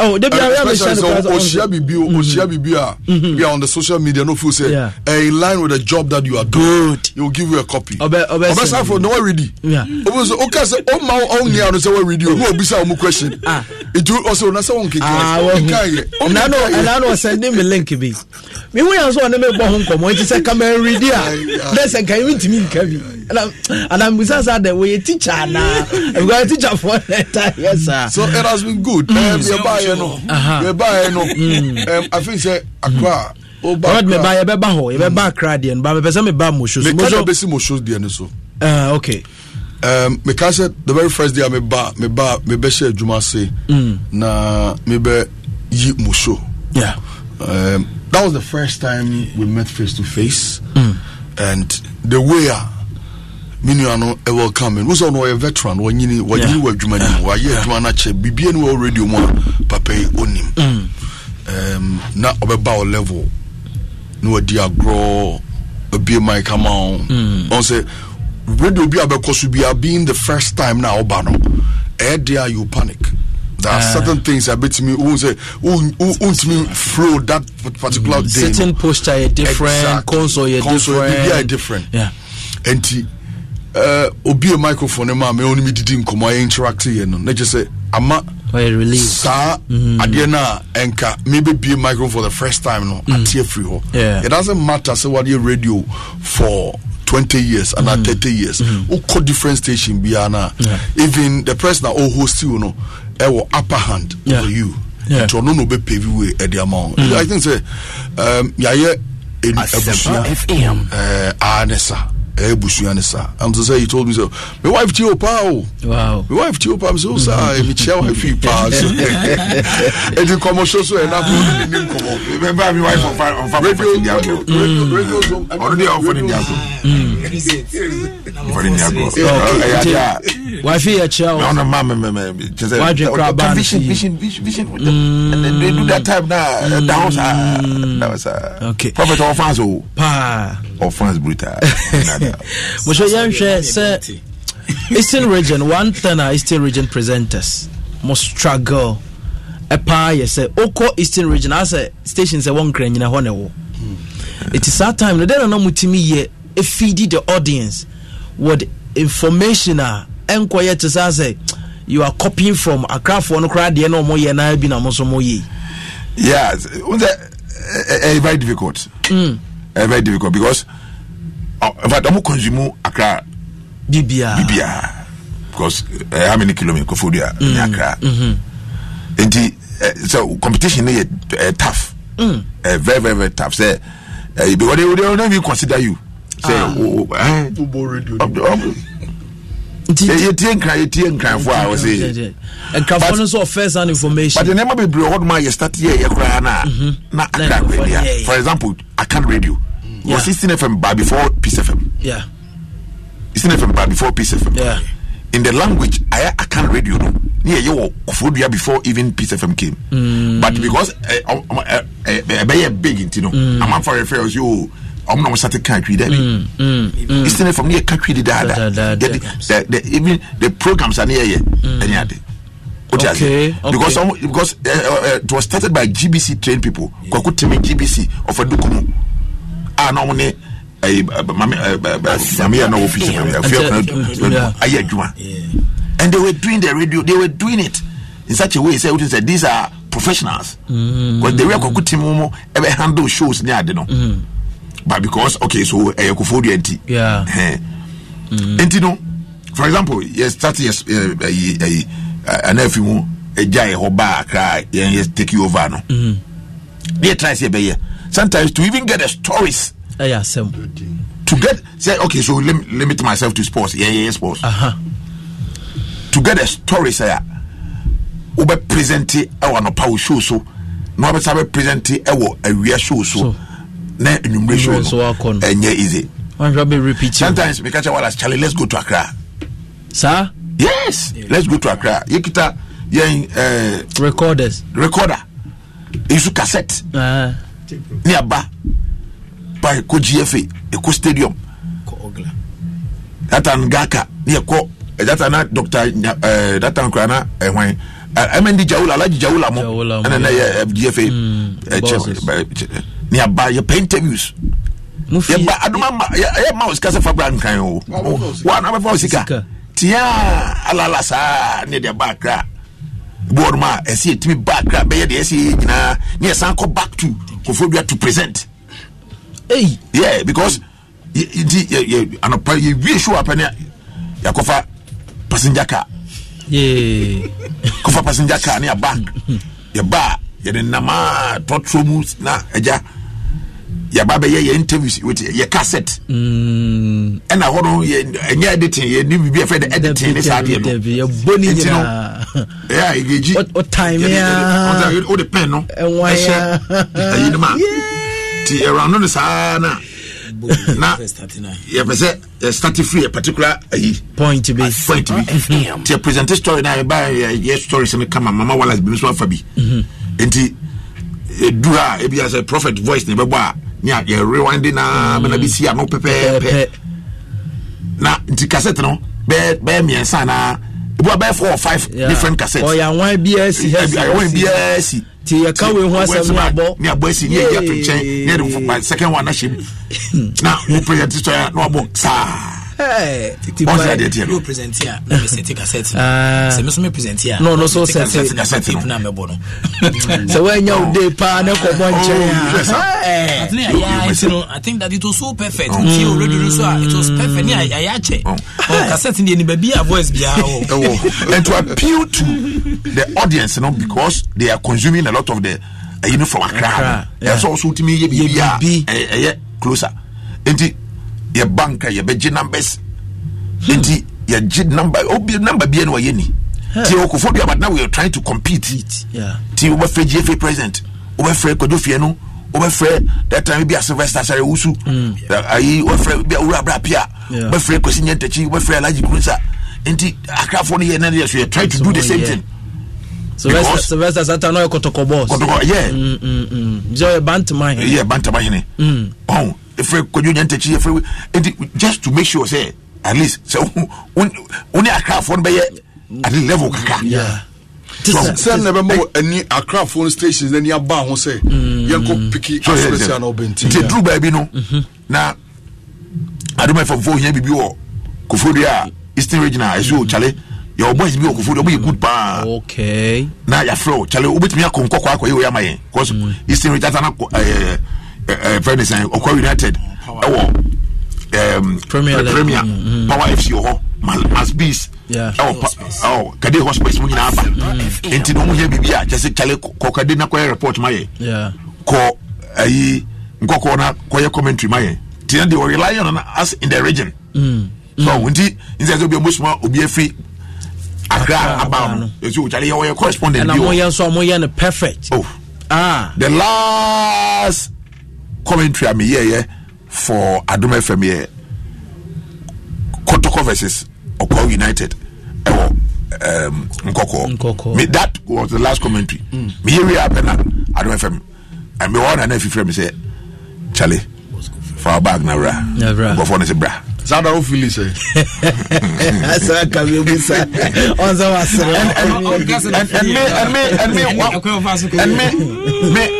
ɔhyia biribi ɔhyia oh, mm-hmm. biribi a ah, mm-hmm. we are on the social media no feel say eh, in line with the job that you are doing good he will give you a copy ɔbɛsan for no waredi ɔbɛ sɛ ɔka sɛ ɔma ɔnni ano sɛ waredi ɔmu obisa ɔmu question etu ɔsɛ ɔna sɛ wɔn keke ɛna ɛna ɔsɛ ne mi link bi mi hu yan so ɔne mi bɔ ho nkɔmɔ eti sɛ kamɛn redi a bɛsɛ nkan mi ntumi nka bi. and I'm with us that we're teacher now. We are teacher for an entire year, sir. So it has been good. We're mm. um, we're buying. Uh-huh. Mm. Um, I think say Accra. ɔbɛt meba yɛbɛba hɔ yɛbɛba akra deɛ no ba mepɛ sɛ meba moshos mekada so uh, okay um, meka sɛ the very first day a meba meba mebɛhyɛ adwuma se mm. na mebɛyi show. yeah. um, that was the first time we met face to face mm. and the way a ah, me nua no ɛwɔ kamen wo sɛ ɔyɛ veteran wɔnyini wɔnyini wɔ adwuma nim wɔayɛ adwuma no akyɛ biribia ne wɔ radio mu a papa yi ɔnim mm. um, na ɔbɛba wo level na wadi agorɔ abie mike ama wo ɔn sɛ radio bi a bɛkɔ so bia being the first time na ɔba no ɛyɛ eh, de you panic there are uh, certain things I bet me abetumi o who o ntumi flow that particular mm, day certain posture yɛ different exactly. console yɛ different console yɛ different yeah. and. Eh, obi a microphone mu a mɛ ɔno mi didi nkɔmɔ a yɛ interact yɛ no ne kye sɛ ama saa mhm. adeɛ no a ɛnka mebɛbie microphone for the first time no mhm. ateɛ firi hɔ it doesn't matter sɛ woadeɛ radio for 20 years and mm. 30 years who mm. different station biara no yeah. even the person a host you no ɛwɔ upper hand yeah. over you nti ɔno na ɔbɛpɛvi wei ɛde ama wo mhm. i think say, um, yɛayɛ abusua uh, eh, anesa ɛyɛ busua ne saa am sɛ sɛ told me sɛ me wife tio paa o wow. me wife tio paa me sɛ wo saa wife yi paa so ɛnti nkɔmmɔ so so ɛnafo ne nkɔmmɔ remember me wife ɔfa ɔfa radio radio radio so ɔno deɛ ɔfɔ ne diago ɔfɔ ne diago ɛyɛ adeɛ a wife yɛ kyia o ɔno ma mɛmɛmɛ kyɛ sɛ wadwe kora ba vision vision vision vision with them and then they do that time na ɛda hɔ saa ɛda hɔ saa okay prophet ɔfans o paa ɔfans brutal mosɛ yɛnhwɛ sɛ eastern region one thing a eastern region presenters mo struggle ɛpaa yɛ sɛ wokɔ eastern region asɛ station sɛ wɔnkra nyina hɔ ne wo ɛti saa time no dɛn nana mutumi yɛ ɛfidi the audience with information a ah, ɛnkɔyɛ te saa sɛ you are copying from akrafoɔ no koraa deɛ na ɔmoyɛ naa bi na mo so moyɛ yes very difficult mm. very difficult because Oh, in fact ɔmo consume akra bibia bibia because eh, how many kilometer kofo di mm, a ne akra mm-hmm. nti eh, so competition ne yɛ uh, eh, tough mm. very very very tough sɛ uh, they they don't even consider you sɛ o o ɛn yɛtie nkra yɛtie nkranfoɔ a wɔse nkrafoɔ no nso ɔfɛ saa no information but nneɛma bebree hɔ doma yɛ start yɛ yɛ koraa no a na akra akra ni a for example akan radio yeah. was Eastern FM by before Peace FM. Yeah. Eastern FM by before Peace FM. Yeah. In the language, I I can't read you. Yeah, you were before even Peace FM came. Mm. But because a I a big into no, mm. I'm for affairs. you. I'm not certain country that mm, mm, mm. Eastern from near country the other. The, the, even the programs are near here. Mm. Okay, okay. Because some because uh, uh, it was started by GBC trained people. Yeah. Kwakutimi GBC of Adukumu a na ɔmo ne ɛyi maame maame yɛ na ɔwɔ fisi ɛfɛ ɛfɛ ayɛ adwuma and they were doing the radio they were doing it in such a way say wotin sɛ these are professionals mm. because they were akɔku team mu ɛbɛ handle shows ne ade no mm. but because okay so ɛyɛ kofo dua nti mm. nti no for example yɛ start yɛ ɛyi ɛyi anafi mu ɛgya yɛ hɔ baa kra yɛn yɛ take over no ne yɛ try sɛ ɛbɛyɛ sometimes to even get the stories. ẹyà sẹm. to get say okay so lim, limit myself to sports yeah yeah, sports. Uh-huh. to get the stories ẹyà o bẹ present ẹwà nọpa o show so na o bẹ sábẹ present eh, a ẹwìẹ show so na enumerate show And eh, yeah, easy. I'm fẹ repeating. repeat. sometimes mi ka kye wala Charlie let's go to Accra. Sir, yes yeah. let's go to Accra yekita yẹn. Uh, eh, recorders. recorder esu cassette. Uh-huh ne aba pa ɛkɔ gfa ɛkɔ stadium datan gaka ne yɛkɔ eh, data na dr eh, datan kora na ɛhwan eh, mnd jawula alaji jawula mo ɛna na yɛ gfa mm, ne aba yɛpɛ interviews yɛba adoma ma yɛ ma o sika sɛ fabra nkan o wa bɛfa o sika tia alala saa ne deɛ ba akra bɔɔduma ɛsi etimi ba akra bɛyɛ deɛ ɛsi nyinaa ne yɛ kɔ back to kofodua to present hey. yeah because nti anɔpa yɛwie show apɛ ne yɛakɔfa passenger car kɔfa passenger car ne yɛba yɛba ba, yɛde namaa tɔtoro mu na agya yɛba bɛyɛ yɛ interviews with yɛ cassette mm. ɛna hɔ no ɛnyɛ editing yɛ ni bibi ɛfɛ de editing ne saa deɛ no ɛbɔ ni nyinaa ɛyà egyeji ɔtaimia o de pɛn no ɛhyɛ ɛyinim a ti ɛwura no no saa na na yɛpɛ sɛ yɛ start free a particular ayi point bi point bi ti yɛ present story na yɛba yɛ story sɛn kama mama wallace bi nso afa bi mhm. nti edu ha ebi asɛ prophet voice na ɛbɛbɔ a ne yɛ rewinde naa mana mm. bi si ano pɛpɛɛpɛ na nti cassette no bɛɛ bɛɛ mmiɛnsa anaa ebi abɛɛ four or five yeah. different cassettes ɔyàwọn biara si hɛ si ɔyàwọn biara si ti yɛ kawe ho asɛm ne abɔ ne abɔ esi ne yɛ yɛ to nkyɛn ne yɛ de second one ahyɛ mu na mo president sɔ ya na wabɔ saa tiwo presenti a na mesɛte cassette no sɛ me so me presenti no no so sɛte cassette no mɛbɔ no sɛ woanya wo day paa ne kɔmmɔ nkyɛn no I think that it was so perfect oh. nti o radio so it was perfect ne ayɛ akyɛ cassette ne nipa bi a voice biara wɔ oh. and to appeal to the audience you no know, because they are consuming a lot of the uh, you know from Accra ɛsɛ ɔso wotumi yɛ biribi a ɛyɛ closer nti yɛ bank a yɛbɛgye numbers nti yɛgye number obi number bia wa wɔyɛ ni ti okofo bi abadana we are trying to compete ti wɔbɛfrɛ gfa president wɔbɛfrɛ kɔjofie no wɔbɛfrɛ that time bi a sylvester sare wusu mm. uh, ayi wɔbɛfrɛ bi a wura abira pia wɔbɛfrɛ kwesi nye ntɛkyi wɔbɛfrɛ alhaji kurusa nti akrafo no yɛ nane yɛ so yɛ try to do the same thing. Sylvester Sylvester Satan n'oye kotoko boss. Kotoko yeah. Bísí mm, ọ̀yẹ̀ mm, bantamahene. Yeah bantamahene. Ọ̀hún efere kwadwo nyantakyi efere eti just to make sure say at least sɛ wo ne akrafoɔ no bɛyɛ the level kakra sɛ na ɛbɛma eh, eh, ani akrafoɔ no stations n'ani aba ho sɛ mm. yɛnkɔ piki asɛsɛ a na ɔbɛnti nti ɛduru baabi no mhm. na adoma ɛfamfoɔ hia biribi wɔ kofodeɛ a eastern region a ɛsɛ ɔkyale yɛwɔ boys bi wɔ kofodeɛ ɔmɔyɛ good paa na yɛafrɛ ɔ kyale wobɛtumi akɔ nkɔkɔ akɔyɛ wɔ yɛ ama yɛn because mm. eastern region atana Eh, eh, friend is Okwa United ɛwɔ eh, Premier, mm, mm, mm. Power FC wɔ hɔ Mas Bees ɛwɔ ɛwɔ Kade hospice mu nyinaa ba nti na wɔn yɛ biribi a kyɛ sɛ kyale kɔ Kade na kɔyɛ report ma yɛ kɔ ayi nkɔkɔ na kɔyɛ commentary ma yɛ tina de rely on us in the region mm. so nti nsɛ sɛ obi a mo suma obi afiri Accra aba no esu okyale yɛ wɔyɛ correspondent bi o ɛna mo yɛ nso mo yɛ no perfect. Oh. Ah. the last commentary a meyɛɛyɛ for adom fm yɛ kotoko versus ɔkɔ united Oh, um, nkɔkɔɔ me that was the last commentary mm. meyɛ wie apɛ na adom fm one and na afifirɛ me sɛ kyale fa bag na wra nkɔfoɔ no sɛ bra saa da wofili sɛ saa kameɛ mu sa ɔnsɛ waserɛme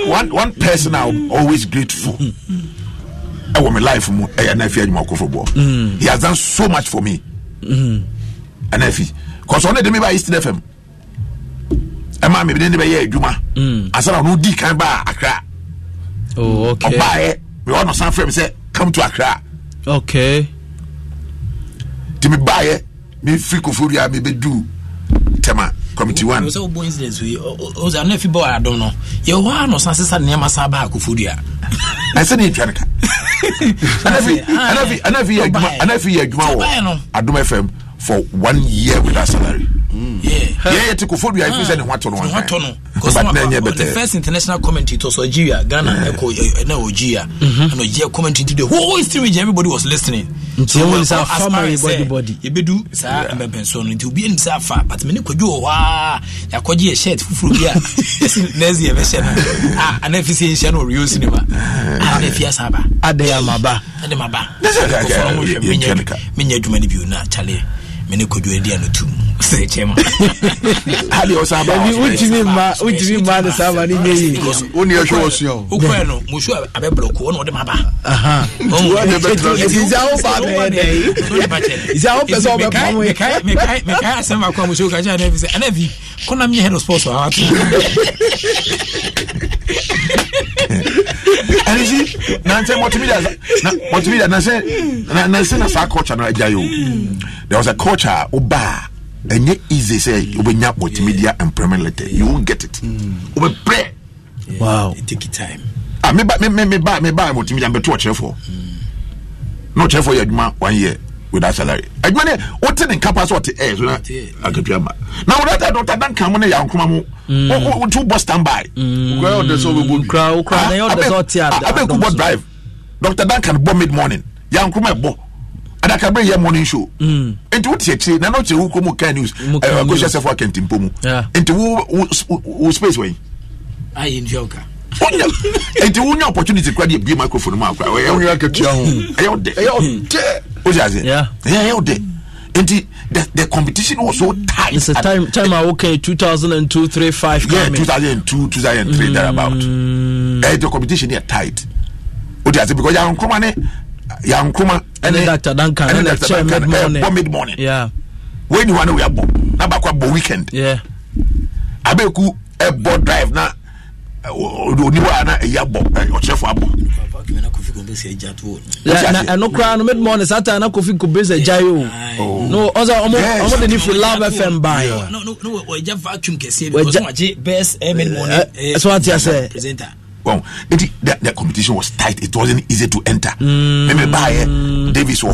one person I'm always grateful ɛwɔ me life mu ɛyɛ na afi adwuma kofoboɔ he has done so much for me ɛna mm. afi cause ɔno de me ba eastern fm ɛma me ne bɛyɛ adwuma asana ɔno di kan ba akra ɔbaɛ mewɔ no san frɛ me sɛ come to akra okay ti mi baayɛ mi fi kofori a mi bɛ du tɛma committee one. o sɛ o bɔ incident yi o sɛ ne fi bɔ a ah, dɔn nɔ yɛ o wa nɔ san sisan nɛɛma san ba kofori a. a sɛ ne yɛ tuya ne kan anafi anafi anafi yɛ adwuma anafi yɛ adwuma wɔ adum fm for one year without salary yɛyɛ te kofo dua ɛfiri sɛ ne ho atɔ no wankatɔ no btnɛyɛ first international commentary to Nigeria, ghana ɛkɔ ɛna Nigeria. and ɔgyeɛ commentary nti the whole history region everybody was listening nti ɛwɔ sɛ afa ma yɛbɔde bɔde yɛbɛdu saa mbɛbɛnsoɔ no nti obi anim sɛ afa but mene kɔdwo wɔ hɔ a yɛakɔgye yɛ shirt foforɔ bi a ɛsi nɛse yɛbɛhyɛ no ana ɛfi sɛ yɛnhyɛ no ɔrio cinema ana ɛfi asa ba adɛ amaba ɛde maba menyɛ adwuma no bio no a kyaleɛ mene kɔdwo adi ano tum sɛ kyɛma hali ɔsa ba wotumi ma wotumi ma no saa ma ne nyɛ yi wo ne ɛhwɛ wɔ sua o wokɔɛ no mosu abɛbrɛ ko ɔne wode maba ɛsisa woba bɛɛdɛisa wopɛ sɛ wobɛpamekae asɛm bakoa mosu ka kyɛ anafi sɛ anafi kɔnam nyɛ head of sports ɔ awato nsi nansɛ multimedia na multimedia nansɛ nansɛ na saa culture no agya yio there was a culture a ɔba a ɛnyɛ easy sɛ ɔbɛnya multimedia yeah. employment letter you won't get it ɔbɛpɛ. pray. wow it take time. a ah, meba meba meba meba multimedia mbɛto ɔkyerɛfoɔ na ɔkyerɛfoɔ yɛ adwuma one year with that salary adwuma ne wote ne nkapa so ɔte ɛɛ so na akatua ma na wɔde ata dɔkta danka mu ne yɛ ankoma mu wotu bɔ standby wokura ɔdɛ sɛ ɔbɛbɔ bi wokura wokura na yɛ ɔdɛ sɛ ɔte ada abɛku bɔ drive dɔkta danka no bɔ mid morning yɛ ankoma ɛbɔ adaka bɛ yɛ morning show nti wote akyire na na ɔkyerɛ wo kɔ mu kan news ɛɛ akosia sɛfo akɛntimpo mu nti wo wo space wɔ yi ayɛ ntua wo ka wonya nti wonya opportunity kora de abue microphone mu akora ɛyɛ akatua ho ɛyɛ ɔdɛ ɛyɛ ɔdɛ wogye ase ɛyɛ ɛyɛ ɔdɛ nti the the competition was so tight it's a time time awo two thousand and two three five yeah two thousand and two two thousand and three thereabout ɛyɛ mm. the competition yɛ tight wogye ase because yan kuruma ne yan kuruma ɛne dr duncan ɛne dr duncan ɛyɛ bɔ mid morning yeah wɔn eniwa ne wɔyɛ bɔ na baako abɔ weekend yeah abeku ɛbɔ eh, drive na oniwa ana eya bɔ abɔ. ɛno koraa no medmɔ ne saa taa na kofi kobese gyae o ɔsɛ ɔmo de ne fi love fm baɛso ate Well, it, the, the competition was tight. It wasn't easy to enter. Mm. Maybe buy Davis or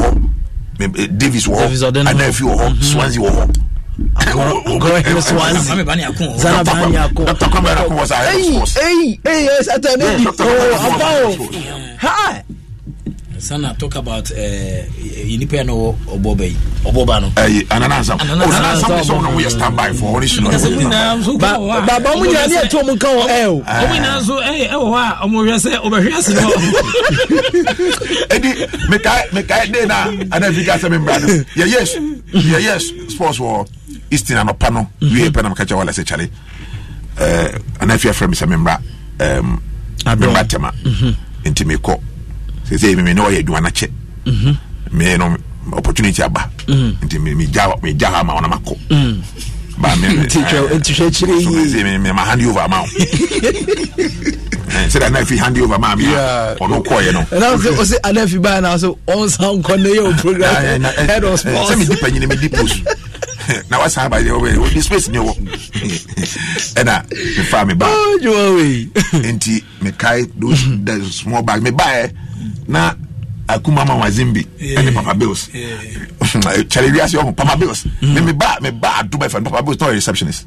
eh, Davis or I know if you were mm-hmm. Swansea or agorɔ hene swansezanabanyakosatnedi sana talk about nipa yɛn wɔ ɔbɔba yi ɔbɔba no. ɛyi ananasa ananasa sɔn na mo yɛ stand by for ɔni sunu ɛwɔ. baba mu nyinaa ni ɛtɔ mu kan wɔ ɛ o. ɔmu nyinaa nso ɛyɛ ɛwɔ hɔ a ɔmu hwɛ sɛ ɔbɛ hwɛ ase hɔ. edi mekae mekae den na anabi ka sɛ mi mbra no yɛ yes yɛ yes sports wɔ. easton mhm. eh, anɔpa mhm. no wie pɛ nam ka kyɛ wala sɛ kyale anafi afrɛ me sɛ memmra memmra tɛma nti mekɔ sɛ sɛ meme ne wɔyɛ adwuma no kyɛ me no opportunity aba nti megya ha ma wo makɔ ba me mahand over ama wo Eh, sɛ da anafi handi over maa mi a ɔno kɔɔyɛ no. ɛnna sɛ o sɛ anafi baa na so ɔnsan nkɔ ne yɛ o program head of eh, eh, sports. sɛ mi di panyin mi di post na wasa aba yɛ wɔyɛ o di space ni wɔ ɛnna mi fa mi ba nti mi kae those that small bag mi ba yɛ na. akuma mama zimbi yeah. ɛne papa bills yeah. kyɛre wiase ɔho papa bills mm. me meba meba adoba ɛfa papa bills No ɔyɛ receptionist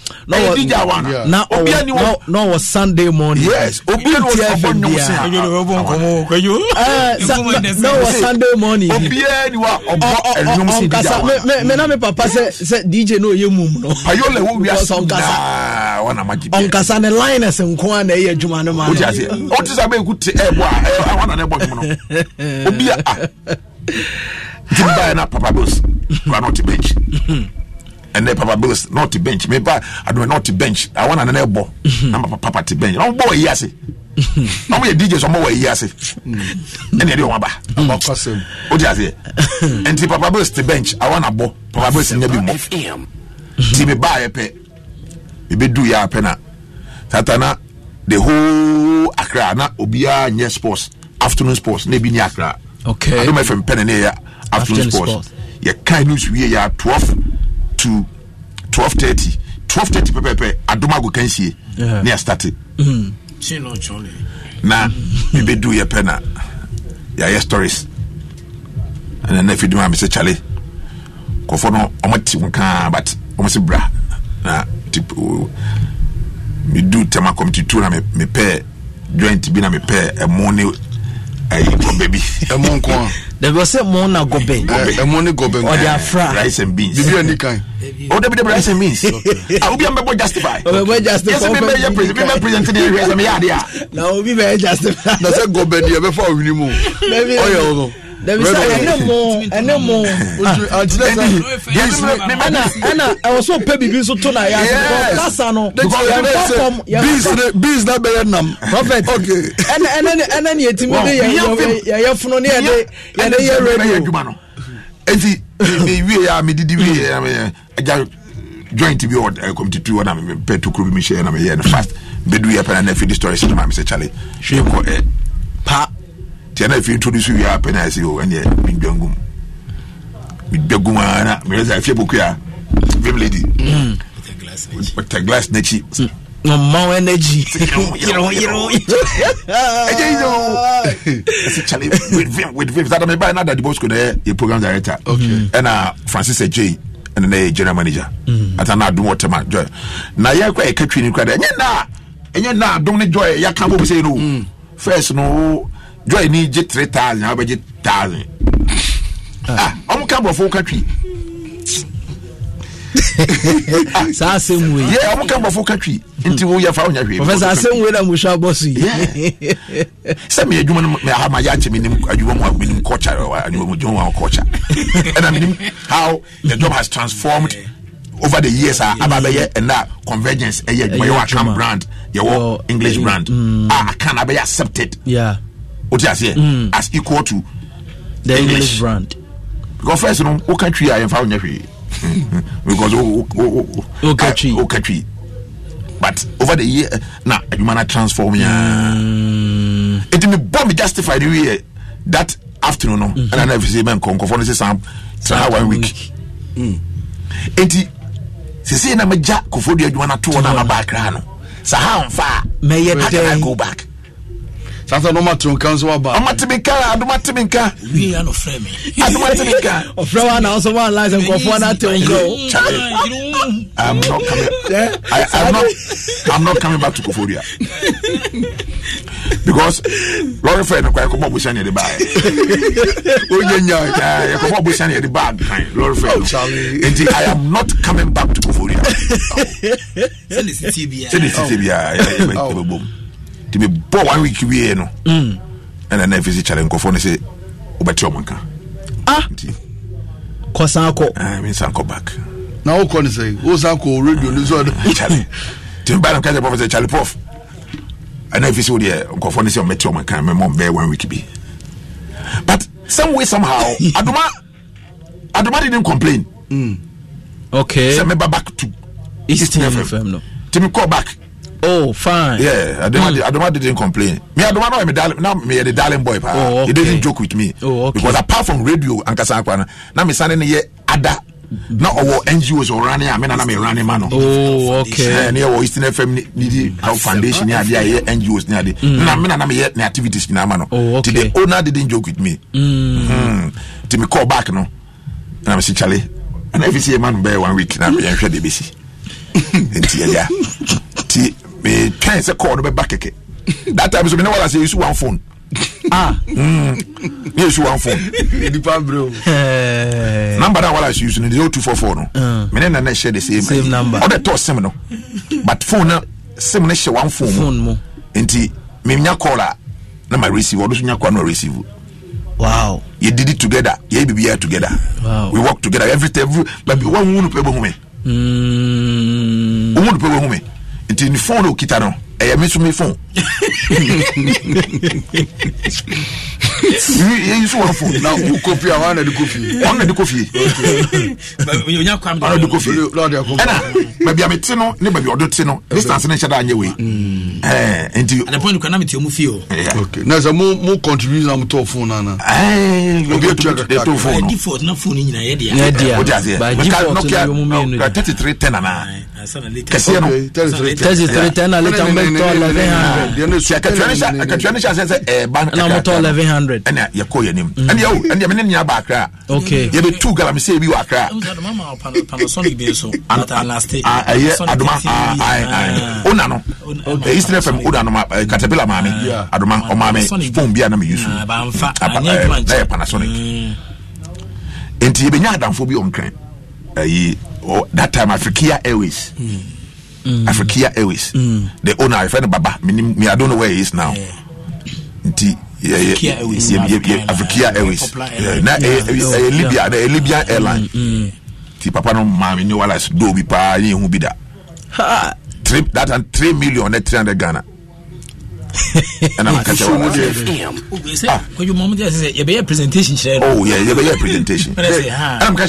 lọ́wọ́ dija wa na na ọwọ sunday morning yes obi ẹni wọn kọ fún yòó sí ha n'ọwọ sunday morning obi ẹni wa ọbọ ẹnum sí dija wa na mẹ na mi papa sẹ sẹ dj náà yẹ mu mu nọ ayo lẹ wo wia sí naa wọn na ma jì bíẹ ọnkasa ni linus nko a na ẹ yẹ adwuma ni maa o ti ase o ti sábẹ eku ti ẹ bọ a ẹ wọn na ẹ bọ jùmọ náà obi a ti báyìí na papa bẹ o si wọn na ti bẹ jì. ɛnɛ papa bills na ɔte bench meba adume na ɔte bench awa na nana ɛbɔ na ma papa te bench na ɔmo bɔ wɔ yi ase na ɔmo yɛ dj so ɔmo wɔ yi ase ɛnna yɛde wɔn aba o ti aseɛ nti papa bills te bench awa na bɔ papa bills nya bi mɔ ti mi mm-hmm. ba yɛ pɛ ebi du yɛ apɛ na tata the whole akra na obiara nyɛ sports afternoon sports na ebi ni akra okay adume fm pɛ na ne yɛ afternoon sports yɛ kan news wie yɛ twelve to twelve thirty twelve thirty pɛpɛɛpɛ adomago kansie yeah. ne yɛstarte mm. na mebɛduu yɛ pɛ na yɛayɛ stories ɛna na afidum a mesɛ kyale kɔfɔ no ɔmate wo kaa but ɔmo sɛ bra na medu tɛma committee two na mepɛɛ joint bi na mepɛɛ ɛmo ne ɛyi mo bɛbi ɛmo nko a dabi ɔsɛ mo na gɔbɛ ɛmo ne gɔbɛ nko ɔdi afra rice and beans bibi ani kan o oh, de bi de bi rice and beans a ah, obi an bɛ bɔ justify o bɛ bɛ justify yɛsɛ mi bɛ yɛ present mi bɛ present de yɛ sɛ mi yɛ adi a na obi bɛ yɛ justify na sɛ gɔbɛ di yɛ bɛ fɔ awini mu ɔyɛ o no ɛna uh, ɛwɔ so pɛ biribi nso to na yɛasa no bis na bɛyɛ nam prophet ɛna ne yɛtumi de yɛyɛ fono ne yɛde yɛ radio nti mewie a medidi wie agya joint bi ɔ committee two na mepɛ tokuro bi mehyɛ na meyɛ no fast bɛdu yɛ pɛ na na afidi story sɛ no ma mesɛ kyale hwee kɔ pa kyɛnɛ efi introduce wi apɛ na ɛsi o ɛnɛ mi gbɛ ngum mi gbɛ gum ana mi rɛ sɛ efi epoku ya vim lady ɔtɛ hmm. glass n'ekyi. ɔmmaw energy yerɛw yerɛw ɛgye yi sɛ ɛsɛ kyale with vim with vim sata mi ba na dadi bosco na yɛ program director ɛna uh, francis ejay ɛna na yɛ general manager hmm. ata na adum ɔtɛma joy na yɛ kɔ yɛ kɛtwi ni kura dɛ ɛnyɛ naa ɛnyɛ naa adum ni joy yɛ aka bɔ bɛ sɛ yi no hmm. first no joy ni gye three thousand a wobɛgye thousand ah. Ah, ɔmo ka borɔfo ka twi saa asɛm wei yɛ ɔmo ka borɔfo ka twi nti woyɛ fa wonya hwee ɔfɛsɛ asɛm wei na mohwɛ abɔ yi sɛ meyɛ adwuma no meha ma yɛ akyɛ menim adwuma mu menim culture adwuma mu culture ɛna menim how the job has transformed over the years a aba bɛyɛ ɛna convergence ɛyɛ adwuma yɛwɔ akam brand yɛwɔ english mm, brand a aka na accepted yeah o ti aseɛ as equal to the english, english brand because first no o ka twi a yɛn fa o hwee because o o o o ka twi o ka twi but over the year na adwuma na transform yaa eti mi bɔ mi justify the way that afternoon no ɛna na efisɛ mɛ nkɔnkɔfɔ no sisan saa one week eti hmm. sisi na mɛ gya kofodua adwuma na to wɔn na ma ba akra no saa ha nfa mɛ yɛ dɛ I can go back sasa no ma tun kan so wa ba ama timi ka aduma timi ka wi ya no frɛ me aduma timi ka ɔfrɛ wa na ɔsɔ wa lies and kɔfɔ na te nko i'm not coming I, am not i'm not coming back to koforia because lɔri fɛ nìkan ɛkɔfɔ busa ni ɛdi ba yɛ o nye nya ɛkɔfɔ busa ni ɛdi ba kan lɔri nti i am not coming back to koforia sɛ de sisi biara sɛ de sisi biara yɛ bɛ bɔ mu nti mebɔ one week wie no ɛna mm. na afisi kyare nkɔfoɔ no sɛ wobɛte ɔmo nka ah! kɔsan kɔ mensan kɔ back na wokɔ no sɛ wosan kɔ radio no so kyale nti meba no ka kyɛ pɔf sɛ kyale pɔf ɛna afisi wodeɛ nkɔfoɔ no sɛ ɔmɛte ɔmo nka mɛmɔ mbɛɛ one week bi but some way somehow adoma adoma didn't complain mm. okay sɛ meba back to eastern fm no nti mekɔ back Oh, fine. Yeah, Adoma, mm. Adoma didn't complain. Me, Adoma, now I'm darling, now me the darling boy, pa. Oh, okay. He didn't joke with me. Oh, okay. Because apart from radio, and Akwana, now me standing here, Ada, Now our ngos ɔrane a mena na merane ma no ne ɛwɔ eastern fm nidi hmm. foundation ne adeɛ hmm. a ɛyɛ ngos ne ade hmm. na mena na meyɛ ne activities nyinaa ma no nti oh, the owner didn't joke with me Hmm. nti me call back no na mese kyale ɛna ɛfi see a man bɛyɛ one week Now na yɛnhwɛ de bɛsi nti ɛya nti metwɛn sɛ call no bɛba kɛkɛ that time so mene wala sɛ yɛsu one phone ah mm ne yɛsu one phone nipa brɛ number na wala sɛ yɛsu no de 0244 no ah. mene na na hyɛ the same same number ɔde tɔ sim no but phone na sim no hyɛ one phone phone mu nti menya call a na ma receive ɔdo so nya call na receive wow you did it together yeah baby yeah together wow. we work together every time but one who no pay bo hume mm one who no pay bo hume nti ne phone o kita no ɛyɛ me so me phone yɛyi so wɔ phone na wo kopi a wɔn na de kofi wɔn na de kofi wɔn na de kofi ɛna baabi a me te no ne baabi a ɔdo te no distance ne nhyɛ da anyɛ wei mm. ɛɛ nti. ɛna pɔn nukura na o mu fi o. na sɛ mo mo na mo tɔ phone na na. ɛɛ obi etu ɛtu to phone no. default na phone nyina yɛ di a. yɛ di a ba default na yɛ mu mienu de. thirty three ten nana yɛkɔ yɛnim ɛne yɛo ɛne yɛmene nea ba akra a yɛbɛtu galamsɛ bi wɔ akra ɛyɛ adoma ona no eastern fm ona no caterpillar maame adoma ɔmaame phone bi a na meyusu na yɛ panasonic enti yɛbɛnya adamfoɔ bi ɔnkran ayi oh, that time afrikia airways mm. afrikia airways mm. the owner ifɛ no baba me me i don't know where he is now yeah. nti afrikia airways na ɛyɛ eh, eh, eh, libya na ɛyɛ libyan mm, airline nti mm. papa no maame ne wala do bi paa ne ehu bi da three that time three million ne three hundred ghana. Ah. yɛbɛyɛ presentation kyerɛyɛbɛyɛ oh, presentation presentation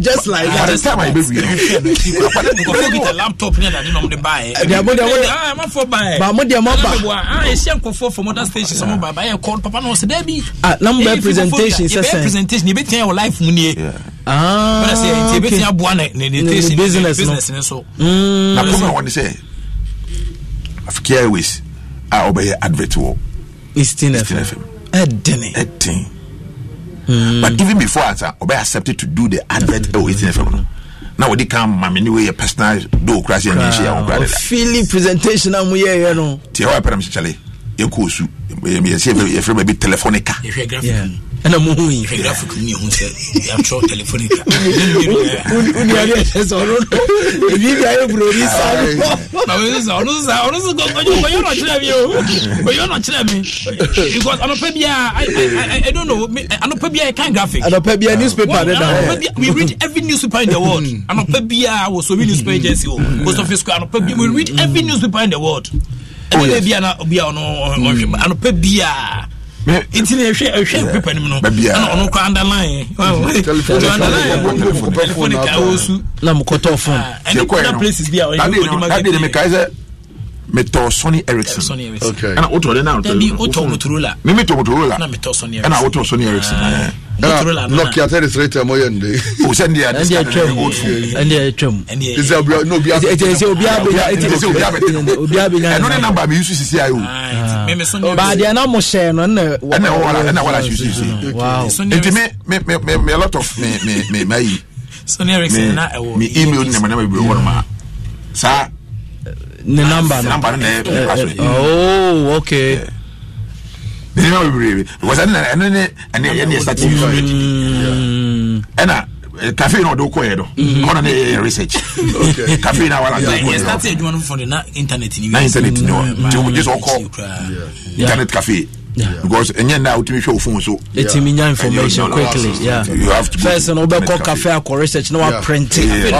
just like ah, bẹ́ẹ̀ sẹ́ ẹ̀ ntí ebi ti aboa ne ne ne tẹ́sí ne business ne so. na kọ́mọ̀ wọn sẹ́ Africa Airways a ọbẹ̀ yẹ advert wọ Eastern FM ẹ̀ dín but even before ata ọbẹ̀ accepted to do the advert ẹ̀wọ̀ Eastern FM no na wɔde ka mame ne weyɛ personal do kora sɛ ɛne nhyia wo koradafili presentation a moyɛyɛ no nti ɛhɔ ɛpɛ na mhyekyɛle yɛkɔɔ su yɛsɛ yɛfrɛ baabi telefonica ɛna mo hu yi. graphic mi ehun sɛ yatɔ telephone ta. wúni ayé ɛsɛ sɔrɔ nù èmi bi ayé buroni sa. bàbá yìí sọ ọdún sọ ọdún sọ ọjọ ọyọ ọ̀nà kyerẹ mi o ọyọ ọ̀nà kyerẹ mi because anọpẹ bia i i i don't know anọpẹ bia kan graphic. anọpẹ bia newspaper de da hɛ. we read every newspaper in the world anọpẹ bia wò sọ wi newspaper agency o post office school anọpẹ bia we read every newspaper in the world. ɛnna bia na bia ɔno ɔnhwɛ anọpẹ bia nti na ɛhwɛ ɛhwɛ pepa nim no ɛna ɔno kɔ underline underline telephone ka wosu na mokɔtɔ phone ɛne kuna places bi a ɔyɛ ɔdi marketing metɔ sɔni ericsson ɛna wotɔ de na dabi wotɔ motorola mi mi tɔ motorola na metɔ sɔni ericsson ah. ɛna wotɔ sɔni ericsson motorola nana nokia thirty three tɛ mo yɛ nin de ye o sɛ n de y'a di sika nana old phone ɛn de yɛ twɛm ɛsɛ obiya n'o biya bɛ ɛsɛ obiya bɛ ɲa ɛsɛ obiya bɛ ɲa obiya bɛ ɲa ɛnu ne namba mi yusu sisi ayi o baadi ɛna mo sɛ ɛnɔ ɛnɛ ɛnɛ wala ɛnɛ wala sisi sisi nti mi mi mi mi a lot of mi mi mi ma yi mi mi email ni namanama bi wɔ wɔrɔ ma saa ne number no number no oh okay. Yeah nneɛma bebree bi because ɛne ɛne ne ɛne ɛne yɛ sati yusuf yɛ didi cafe kafe na ɔde okɔ yɛ do ɔmo na ne yɛ yɛ research kafe na wala ne yɛ sati adwuma no fɔ de na internet ni internet ni wɔ nti ɔmo de internet cafe. Yeah. because ɛnyɛ nna wotumi hwɛ ofon so ɛtumi nya information quickly yeah. you have first no wobɛkɔ cafe akɔ research na waprintebɛbie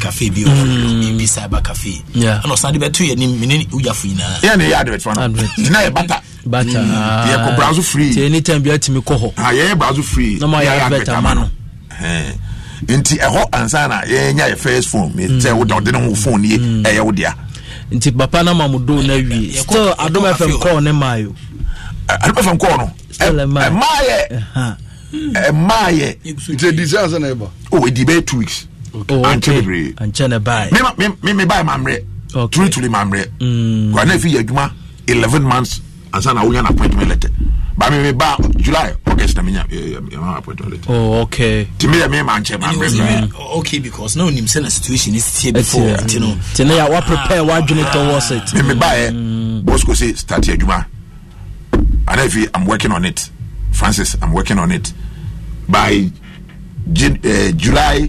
cafe bi bisa mm. ba cafe ɛna ɔsan de bɛto yɛ ne mene woyafo nyinaa ɛne yɛ advert fa no na yɛ bata bata mm. yɛkɔ braso free anytime biatumi kɔ hɔ ah, yɛyɛ braso free na ma yɛ advert ama no eh nti ɛhɔ ansa na yɛnya yɛ first phone sɛ mm. woda wode ne ho phone ye mm. ɛyɛ wo dea nti papa no ma mo do no awie still adom fm call ne maa yo adom fm call no ɛmaayɛ ɛmaayɛ nti di sɛ ansa na ɛba o oh, ɛdi bɛyɛ two weeks ankyɛ bebree ankyɛ ne baɛ me baɛ mammerɛ truly truly mammerɛ mm. kora na ɛfi yɛ adwuma 11 months ansa na wonya no appointment letter ba mi mi ba july august na mi nya yɛma eh, eh, appointment letter. oh okay. ti mi yɛ mi ma n cɛ ma n bɛ bɛ. okay because now nim sɛ na situation is here before ti no. ti ne yà wa prepare wa adwene towards it. mi mi ba yɛ mm. bosco say start yɛ juma ana i'm working on it francis i'm working on it by eh, july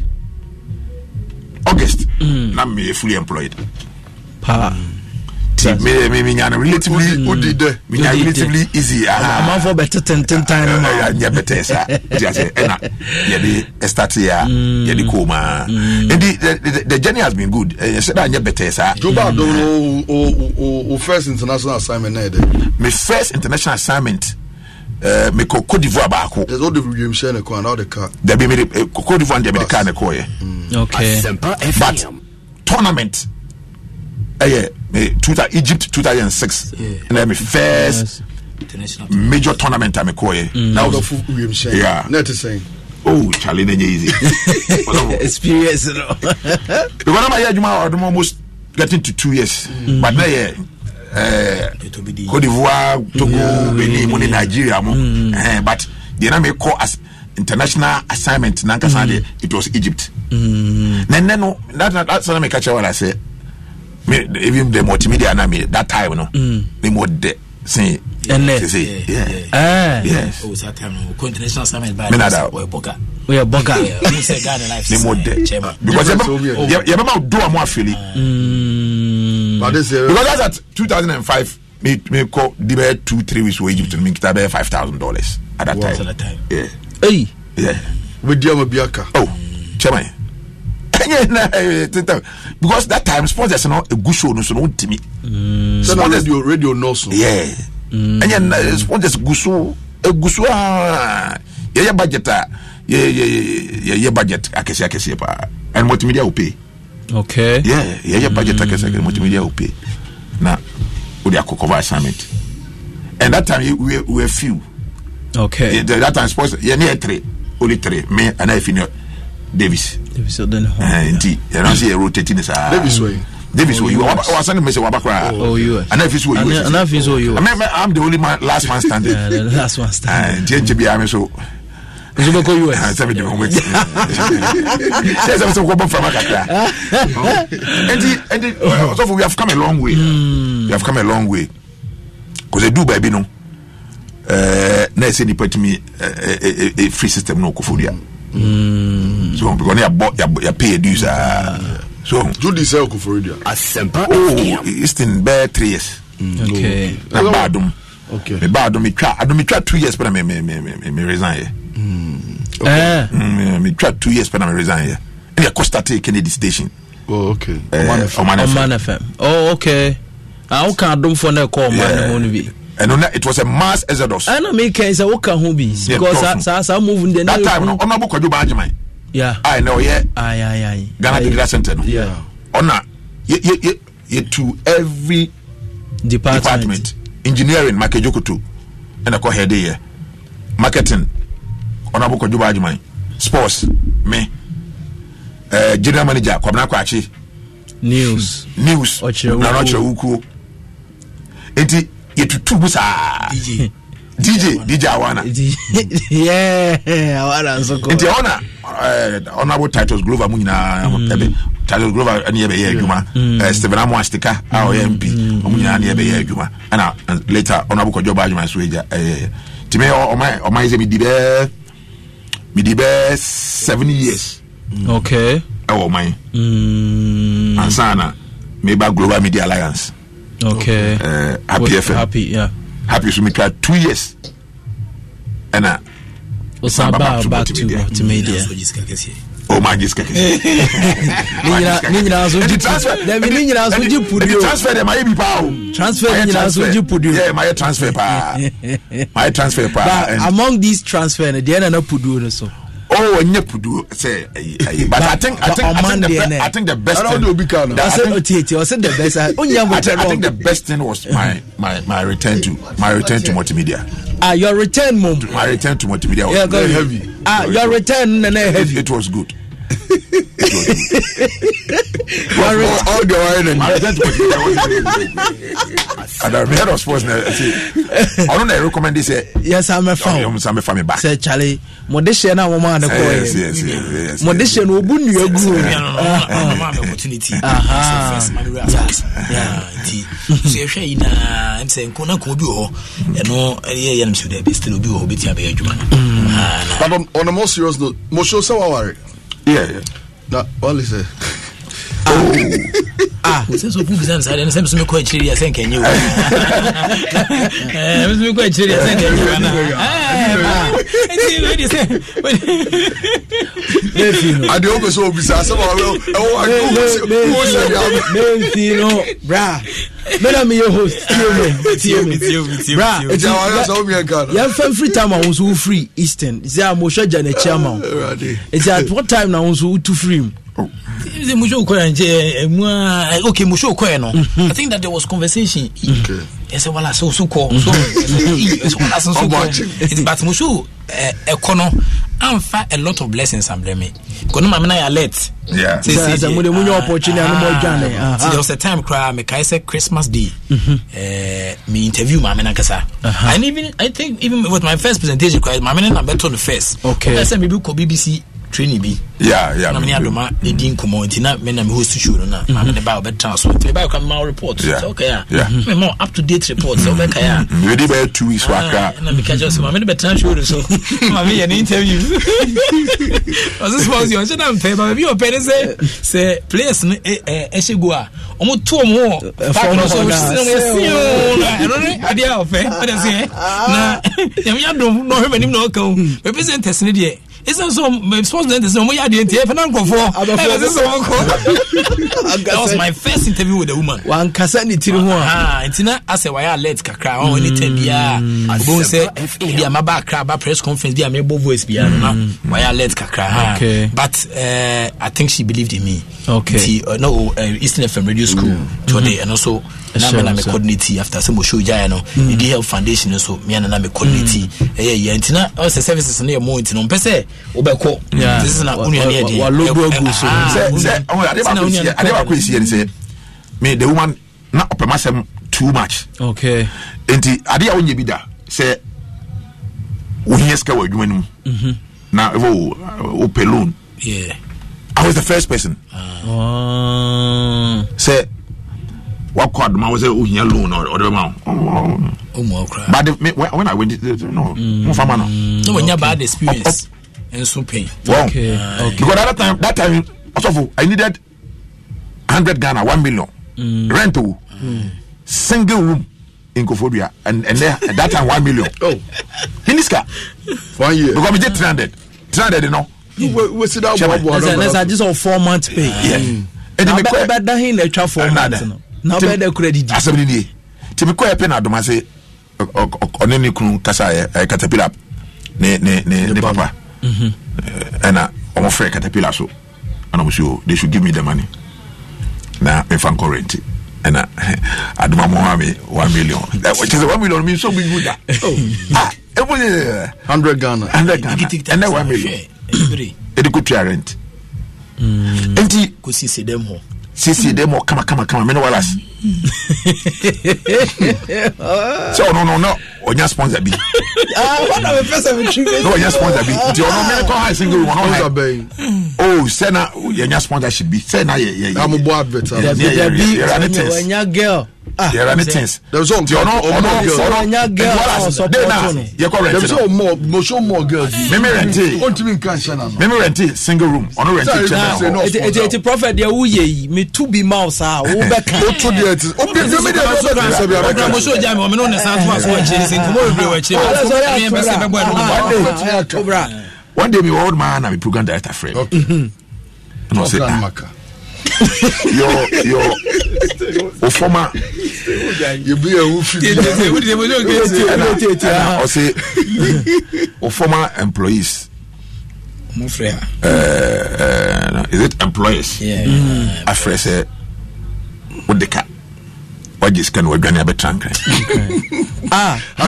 august mm. na mi yɛ fully employed. paa. Mm ti mi mi relatively o di mi nyanu relatively easy aa amanfo bɛ ti tɛntɛntɛn no ma ɛɛ nyɛ bɛtɛ sa o ti a sɛ ɛna yɛde ɛstati ya yɛde ko ma ebi the journey has been good ɛɛ sɛ daa nyɛ bɛtɛ sa. joba mm. adoro o o o first international assignment na yɛ dɛ. my first international assignment. Uh, eh, mekɔ cote divoire baako dabi mede eh, cote divoire deɛ mede kaa ne kɔɔyɛ but tournament ɛyɛ tuta egypt two thousand six ɛna mi first major tournament a mi kɔ yɛ. na o dɔfu wiem sɛ ya ne ti sɛn. oh chale ne nye easy. experience no. because n'ama yɛ adwuma ɔdun almost getting to two years mm. but ne yɛ. Uh, Cote d'Ivoire, Togo, Benin, yeah, yeah. Nigeria, mo. Mm. Uh, but the name call as international assignment. Nankasa mm. it was Egypt. Mm. Then, then no, that, that, that's what I catch what I say me even the multimedia na me that time no mm. me mo de sin ɛnɛ menada woyɛ bɔga because you, you do a mo afeli because as at 2005 me me call, di bɛyɛ two three weeks wɔ egypt me kitabe bɛyɛ five thousand dollars at that time Yeah, hey, ɛyi wobɛdi ama bi aka oh, chairman nyina because that time sponsors no egu show no so no ntimi mm. sponsors radio radio no so yeah ɛnyɛ sponsors gu so egu so aa yɛyɛ budget a ah. yɛyɛ budget akɛseɛ akɛseɛ paa and multimedia wo pay okay yeah yɛyɛ budget akɛseɛ akɛseɛ mm. multimedia wo pay na o de akɔ cover assignment and that time we were, we few okay that time sponsors yɛ ne yɛ three only three me and I finish Davis. Eh, nti ɛno sɛ yɛrotati no saa davis oh, oh, the only man last man standing eh, nti ɛnkyɛ biara me so ah, we have come a long way hmm. we have come a long way kɔsɛ du baabi no eh, na ɛsɛ nipa tumi free system no ɔkɔfodua hmm mm. so because yɛabɔ yɛpɛ yɛdu saa so judy sɛ ɔkɔfori dua asɛmpa oh, easton bɛɛ three years mm. okay. na ba adom okay. me ba adom twa adom twa two years pɛna me me me me me resign yɛ mm. okay. eh. mm, me twa two years pɛna me resign yɛ ɛna yɛkɔ start kennedy station oh, okay. uh, Oman FM. Oman FM. Oh, okay. Ah, wo ka adomfoɔ no ɛkɔ ɔman no mu no bi ɛno na it was a mass exodus. ɛna mi kɛn sɛ o ka ho bi. because saa saa move n de. that time no ɔna bɔ kwadwo baagi man. Yeah. ayi na ɔyɛ ghana degree center no ɔna ye ye ye ye to every department, department. engineering makejokoto ɛna kɔ hɛde yɛ marketing ɔna bɔ kwadwo baagi man sports me ɛɛ uh, eh, general manager kwabena kwakye. news news ɔkyerɛwukuo eti yɛtutu mu saa dj dj awana nti ɛhɔ na honorable titus glover mu nyinaa mm. ɛbɛ titus glover ne yɛbɛyɛ mm. adwuma mm. stephen amo astika a ɔyɛ mp ɔmo nyinaa ne yɛbɛyɛ adwuma ɛna later honorable kɔjɔ ɔba adwuma so agya ɛyɛ tìmɛ ɔman ɔman sɛ midi Mi di bɛɛ seven years. okay ɛwɔ ɔman ansana meba global media alliance okay uh, happy fm happy yeah happy so me try two years ɛna osaba back to, back to multimedia o ma gye sika kɛsɛ ne nyinaa so gyedabi ne nyinaa so gye transfer dɛ mayɛ bi paa o transfer ne nyinaa so gye pudio transfer paa mayɛ transfer But among these transfer the deɛ nana pudio no so oh nye pudu sɛ ayi but i think i think i think the best i think the eh? best thing obi ka no oh, the best eh? i think the best thing was my my my return to my return to multimedia ah your return mom my return to multimedia was yeah, very heavy ah your return nana heavy it was good all the whining. And the head of sports, I don't recommend this. Yes, I'm a fan. I'm a fan. Back. Say Charlie, Modesha na woman the coin. Yes, yes, yes. Modesha no bun you grow. Opportunity. Yeah, so you share na I'm saying kona ko bi ho. You know, yeah, yeah, still bi ho betia be adwuma. But on a more serious note, mo show so worried. Yeah, yeah. That all is it sɛ so wobu bisa me saa deɛ ne sɛ mesome kɔ akyirɛ dia sɛ nkanyɛ o mesome kɔ akyirɛ dia sɛ nkanyɛ adeɛ wopɛ sɛ wobisa asɛmwosɛmemfi no bra mena meyɛ host yɛmfa mfiri time a wo so wofiri eastern sɛ a mohwɛ gya n'akyi ama wo ɛnti at what time na wo so wotu firi mu the Musho Koyan, okay, Musho Koyan. I think that there was conversation. Okay. I said, well, I saw Suko. So, but Musho, Ekono, I'm far a lot of blessings, I'm blaming. Kono Mamina alert. Yeah. Say, say, say, Mude Munyo opportunity, I'm more jane. There was a time, cry, me kai say Christmas Day. Me interview Mamina Kasa. And even, I think, even with my first presentation, cry, Mamina, I'm better on the first. Okay. I said, maybe BBC training bi yeah, yeah, na mene adoma ɛdi mm-hmm. nkɔmmɔ nti na mena mi host show no na mame mm-hmm. ne ba wobɛtena so nti mebaa wokra mema wo report sɛ wokae a mm-hmm. mema up to date report sɛ wobɛkae awede bɛyɛ two weeks ah, wakra na meka kyɛ sɛ mame ne bɛtena show no so mame yɛ ne interview ɔse sports yɛ ɔnhyɛ na mpɛ ba baabi ɔpɛ ne sɛ sɛ players no ɛhyɛ e, e, e go a ɔmo to mo ɛno eh, eh, eh, oh. ne adeɛ a ɔpɛ ɔde sɛ na nyame adom na ɔhwɛ m'anim na ɔka wo mɛpɛ hmm. sɛ ntɛsene deɛ ɛsɛ sɛ sports nɛ sɛ ɔmɔyɛ adeɛ nti ɛfɛ na nkɔfoɔ ɛsɛ sɛ ɔmɔkɔ that was my first interview with a woman wankasa ne tiri ho a nti ah, na asɛ wayɛ alert kakra ɔwɔ ne tam biaa wobɛhu sɛ bi a maba akra ba press conference bi a mebɔ voice biaa ah, no na mm. wayɛ alert kakra ah. but uh, I think she believed in me okay. nti uh, eh, no, uh, Eastern FM Radio mm. School tɔde ɛno so na me na me coordinate after sɛ mɔhyɛ ogyaeɛ no medi mm. health foundation no so meana na me coordinate ɛyɛ yɛ nti na ɔsɛ services na yɛ mo nti no mpɛ sɛ wobɛkɔ adeɛ baako ɛsiɛ ne sɛ me the woman na ɔpɛma sɛm too much okay. enti adeɛ a wonyɛ bi da sɛ wohia sika wɔ adwuma no mu mm-hmm. na wopɛ loan yeah. I was the first person ah. sɛ wakɔ adoma wɔ sɛ ohia loan ɔde bɛma wo but the, me, when, I went no mm. mofama no no wanya nso pay. wrong okay, ah, okay. because that time that time ọsọfo i needed hundred ghana one million mm. rent o oh. mm. single room in kofodua and and there, that time one million. oh miniska. one year because we get three hundred three hundred you know. we see that bɔ ɔdɔ bɔ ɔdɔ This a four month pay. Yeah. ɛdi mi kɔ ɛbɛ dahin na ɛtwa four months no na ɔbɛ dɛ kura didi. asɛm ni ni ye tèmi kɔ yɛ pɛ na adomase ɔne ne kunu kasa yɛ katapila ne ne ne papa. Mm-hmm. ɛna ɔmo frɛ caterpillar so ɛna ɔmo so oh, they should give me the money na mefa nkɔ renti ɛna aduma mo wa mi one million kyerɛ one million mi nso mi gu da ɛmu yɛ hundred ghana hundred ghana ɛnɛ one million ɛdi ko tua rent. Mm. nti ko sisi dɛm hɔ sisi dɛm hɔ kama kama kama mɛ ne wala si sɛ ɔno no na ɔnya sponsor bi na ɔnya sponsor bi nti ɔno mɛne kɔ high single wɔn ɔha o sɛ na yɛnya sponsorship bi sɛ na yɛ yɛ yɛ yɛ yɛ yɛ yɛ yɛ yɛ yɛ yɛ yɛ yɛ yɛ yɛ yɛ ah there are meetings there was ọmọ ọmọ ọmọ ọmọ girl dey na yẹ kọ rent na there was ọmọ mo show more girls mímí rẹ̀ntì o ntumi nkan ṣe na no mímí rẹ̀ntì single room ọ̀nà rẹ̀ntì ṣe na ọ̀ eti eti prophet deɛ o yɛ yi mi tu bi ma ɔsa o bɛ kan o tu deɛ ti o bi bi mi de o bɛ kan sɛbi a bɛ kan. mosu oja mi ɔmi n'o nisa tún aso ɛkyɛ ɛsɛ nkomo bebree wɔ ɛkyɛ ɛmi yɛn bɛ se bɛ bɔ ɛdun mu. one day mi wɔ ɔdun maa na mi program director friend ɛna ɔsɛ ah your your ofoma yebi ewu fili ɔsi ofoma employees. Uh, uh, is it employees? Yeah. Mm. Afre sɛ wodeka wagye sika na wadwane abɛtra nkran ah,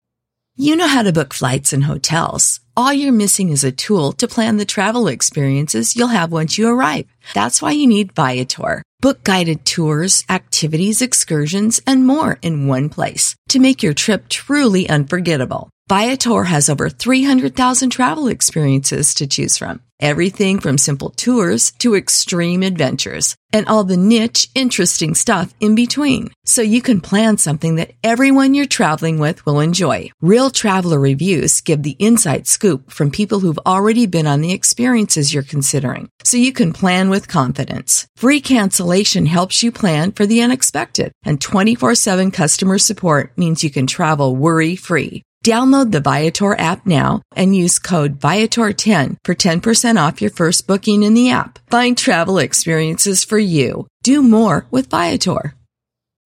You know how to book flights and hotels. All you're missing is a tool to plan the travel experiences you'll have once you arrive. That's why you need Viator. Book guided tours, activities, excursions, and more in one place to make your trip truly unforgettable. Viator has over 300,000 travel experiences to choose from Everything from simple tours to extreme adventures and all the niche, interesting stuff in between. So you can plan something that everyone you're traveling with will enjoy. Real traveler reviews give the inside scoop from people who've already been on the experiences you're considering. So you can plan with confidence. Free cancellation helps you plan for the unexpected and 24 7 customer support means you can travel worry free. Download the Viator app now and use code Viator10 for 10% off your first booking in the app. Find travel experiences for you. Do more with Viator.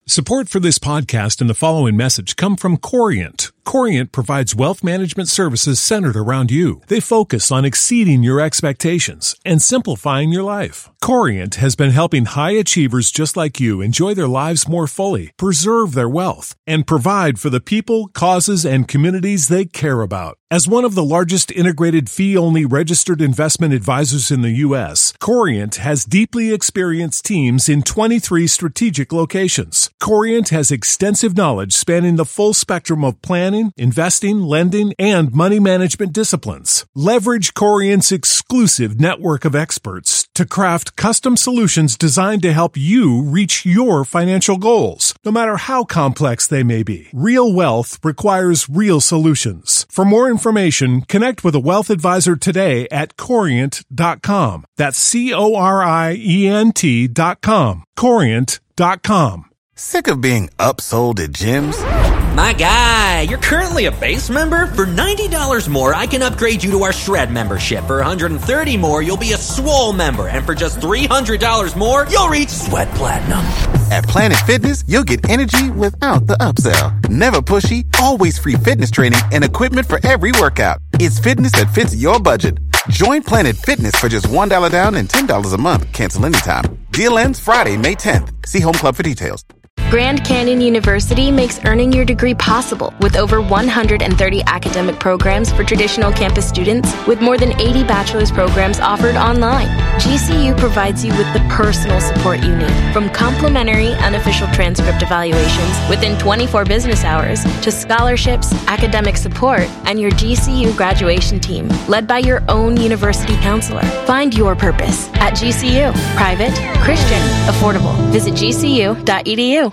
Support for this podcast and the following message come from Corient Corient provides wealth management services centered around you. They focus on exceeding your expectations and simplifying your life. Corient has been helping high achievers just like you enjoy their lives more fully, preserve their wealth, and provide for the people, causes, and communities they care about. As one of the largest integrated fee only registered investment advisors in the U.S., Corient has deeply experienced teams in 23 strategic locations. Corient has extensive knowledge spanning the full spectrum of planning planning, investing, lending, and money management disciplines. Leverage Corient's exclusive network of experts to craft custom solutions designed to help you reach your financial goals, no matter how complex they may be. Real wealth requires real solutions. For more information, connect with a wealth advisor today at corient.com. That's C O R I E N T.com. Corient.com. Sick of being upsold at gyms? My guy, you're currently a base member. For $90 more, I can upgrade you to our Shred membership. For $130 more, you'll be a Swole member. And for just $300 more, you'll reach Sweat Platinum. At Planet Fitness, you'll get energy without the upsell. Never pushy, always free fitness training and equipment for every workout. It's fitness that fits your budget. Join Planet Fitness for just $1 down and $10 a month. Cancel anytime. Deal ends Friday, May 10th. See Home Club for details. Grand Canyon University makes earning your degree possible with over 130 academic programs for traditional campus students, with more than 80 bachelor's programs offered online. GCU provides you with the personal support you need, from complimentary unofficial transcript evaluations within 24 business hours to scholarships, academic support, and your GCU graduation team, led by your own university counselor. Find your purpose at GCU. Private, Christian, affordable. Visit gcu.edu.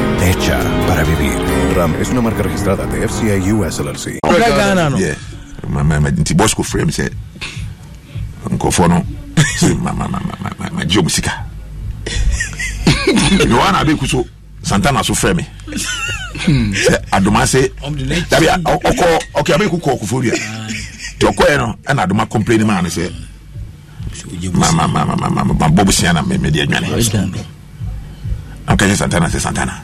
hecha para vivir. Ram es una marca registrada de FCI US LLC. nti bɔs kɔ frɛ m sɛ nkɔfoɔ no magye ɔm sika ɛwa na abɛku so santana so frɛ me sɛ adoma se dabi ɔkɔ ɔkɛ abɛku kɔ ɔkɔfoɔ dua nti ɔkɔɛ no ɛna adoma complain maa no sɛ mabɔ bosia na mede adwane anka sɛ santana sɛ santana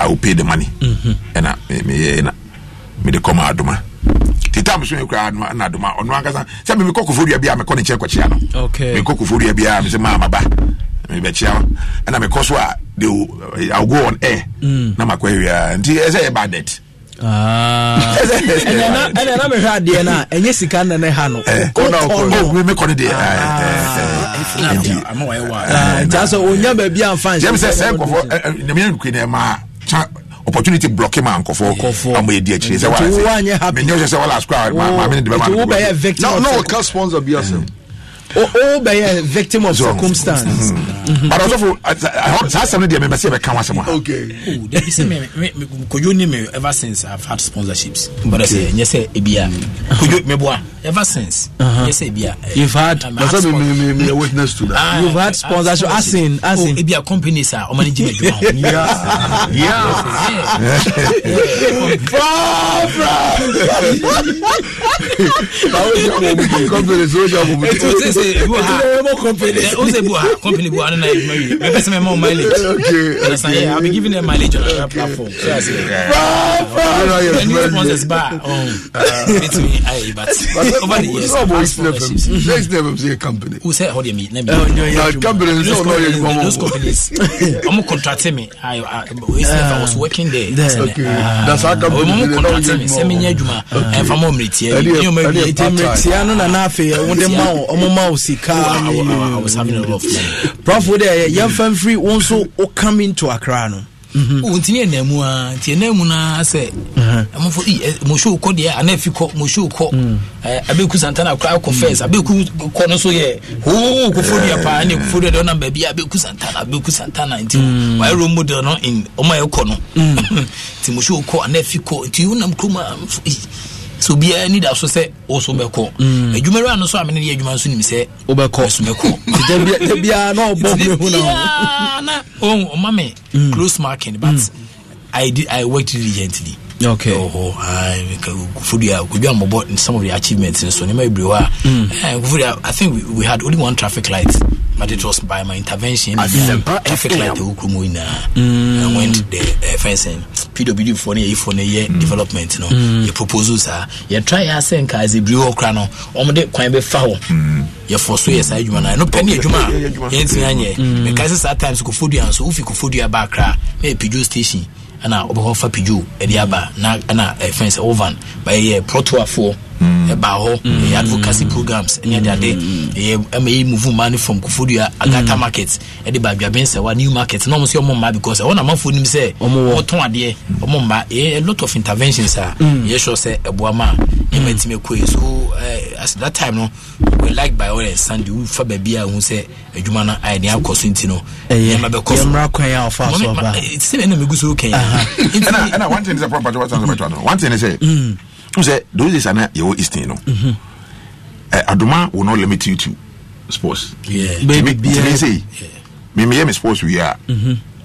I will pay the money. mm me, me, me, me, the come aduma. tita mi so yɛ kura na aduma ɔno ankasa sɛ mi mi kɔ koforia bi a mi kɔ ne okay mi kɔ koforia bi a mi sɛ ba mi bɛ kyia no ɛna mi de I will go on air. Mm. na ma kɔ ewia nti bad debt. ɛnɛ mehwɛ adeɛ no a sika nna ha no mekɔ akya opportunity blocking ma nkɔfo amu yɛ di akyire sɛ wala sɛ menyɛ sɛ wala asukura maame ne de bɛ maa mi gbɔ no no ka sponsor bi asɛm o bɛyɛ victim of circumstance. Mm-hmm. but ɔsɔfo saa asɛm no deɛ mɛmɛ oh, sɛ yɛbɛka wasɛm a. dabi sɛ kojo ni mi ever since i have had sponsorships. bɔdɛ sɛ n yɛ sɛ ebi a kojo mi bɔ a ever since uh-huh. n yɛ sɛ ebi a. you had ɔsɔ mi mi mi yɛ witness to that. Ah, you had sponsorship as in as oh, in. ebi a companies a ɔmɔ ni jimmy juma. fɔfra. bawo sɛ o bɛ kɛ company so o jɛ o bɛ kɛ sɛ wow sika wow, I was having a rough time prof wo de yɛmfa mfiri wo nso wokam into akra no wontumi mm-hmm. oh, ɛna mu a nti ɛna mu no sɛ amafo mɔhyɛ wokɔ deɛ ana afi kɔ mɔhyɛ wokɔ abɛku santana kora kɔ fis mm. eh, abɛku kɔ no so yɛ hoo kofodua paa ne kofodua deɛ ɔnam baabi abɛku santana abɛku santana nti mm. wayɛ role model no in ɔma yɛkɔ no mm. nti mɔhyɛ wokɔ ana afi kɔ nti wonam kurom a so obiara ni da so sɛ woso bɛkɔ mm. adwumayɛwa no so a deɛ adwuma nso nim sɛ wobɛkɔso me mm. close marking but mm. I, did, i worked diligently okay oh i kufuri kujua mbo some of the achievements so nima ibrewa eh, i think we, we had only one traffic light but it was by my intervention I traffic light ukumu ina mm. and went the eh, fencing pwd foɔ no yɛyifoɔ no mm. yɛ development no mm. yɛ proposal ah. saa yɛtra yɛ asɛ nka adze biri hɔ kora no ɔmde kwan bɛfa hɔ mm. yɛfɔ so yɛ saa adwuma no ɛno pɛ ne adwuma a yɛntumi anyɛ mekae sɛ saa times kɔfodua nso wofi kɔfodua baa kra na yɛ station ɛna wobɛhɔ fa pidwo ɛde aba na ɛna ɛfɛn sɛ ovan bɛyɛ protoafoɔ hmm. ɛbaa hɔ hmm. ɛyɛ advocacy programs ɛne ade ade hmm. ɛyɛ ɛma ɛyɛ move money from kofodua agata market ɛde ba adwaben sɛ new market na ɔmo sɛ ɔmo mmaa because ɛwɔ na amanfoɔ nim sɛ ɔtɔn adeɛ ɔmo mmaa ɛyɛ a lot of interventions a yɛ sure sɛ ɛboa ma ɛma ɛtumi ɛkɔ yi so ɛɛ as that time no we like by all sunday wofa baabi a hu sɛ adwuma no ayɛ deɛ akɔ so nti no nneɛma bɛkɔ somra so ba one thing sɛ papa what one thing sɛ wo those days ana yɛwɔ eastern no mm-hmm. eh, adoma will not limit you to sports yeah baby bi me sports wie a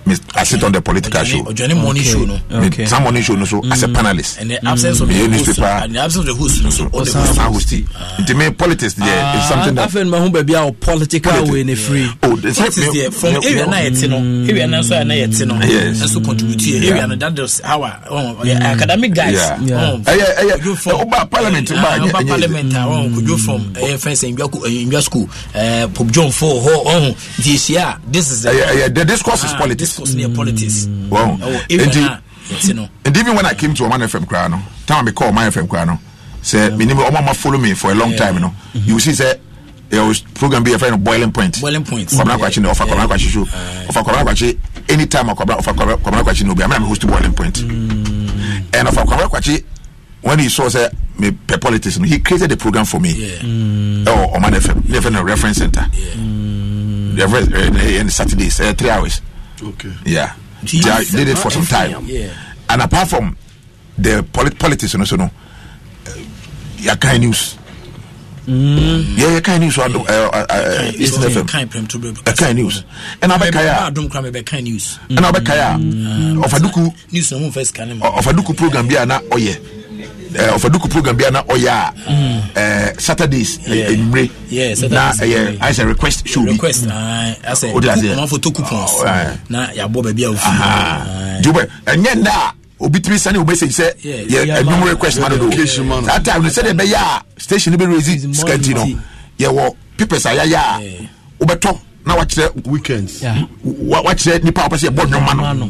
me, I sit on the political show. Ojani morning okay. show no. Some morning show no so as a mm. panelist. And the absence of mm. the host, newspaper. And the absence of the host no so. the host. host. Ah. It may politics there uh, is ah, something that. Afen mahu baby our political way in free. Oh, the same is there from area na yet no. Mm. Area na so na yet no. Yes. And so contribute here. Area na that is how oh academic guys. Yeah. Yeah. Oh, eh, yeah. Eh, eh, Oba parliament ba. Ah, Oba parliament oh kujo from eh fence in Biaku in Biaku school. Eh Pope John 4 ho oh. This year this is the discourse is politics force near politics. Well, indeed, and even when I came to Oman FM Crano, time I call Oman FM Crano, say, minimum Oman follow me for a long time, you know. Mm-hmm. You see, say, your program be a friend of boiling point. Boiling point. Kwabena kwachi no ofa kwabena kwachi show. Ofa kwabena kwachi anytime kwabena ofa kwabena kwachi no be. I'm host to boiling point. Mm. And ofa kwabena kwachi when he saw say me per politics, he created the program for me. Yeah. Mm. Oh, Oman FM, even a reference center. Yeah. Mm. Every, uh, and Saturdays, uh, three hours. Okay. Yeah. They did it for some time. Yeah. And apart from the polit- politics, you know, so no, uh, your kind news. Mm. Yeah, yeah, kind news. Yeah. Uh, uh, uh, uh Kind Kind news. And a kaya. Don't come abe kind news. And abe kaya. Mm. Ofaduku. News no first Ofaduku program bi ana oye. Oh, yeah. Eh, duku program bi mm. eh, eh, a na ɔyɛ a saturdays nwumere yeah. ɛyɛ ayɛsɛ request show bi wode aseɛ na oh, yɛabɔ baabi a wɔfi dwobɛ ɛnyɛ nna a obi tiri sani o message sɛ yɛ ɛnum request ma dodo saa time no sɛdeɛ ɛbɛyɛ a station no bɛ raise scanty no wo. People say ya a wobɛtɔ na wakyerɛ weekends wakyerɛ nipa a wɔpɛ sɛ yɛbɔ nnwoma no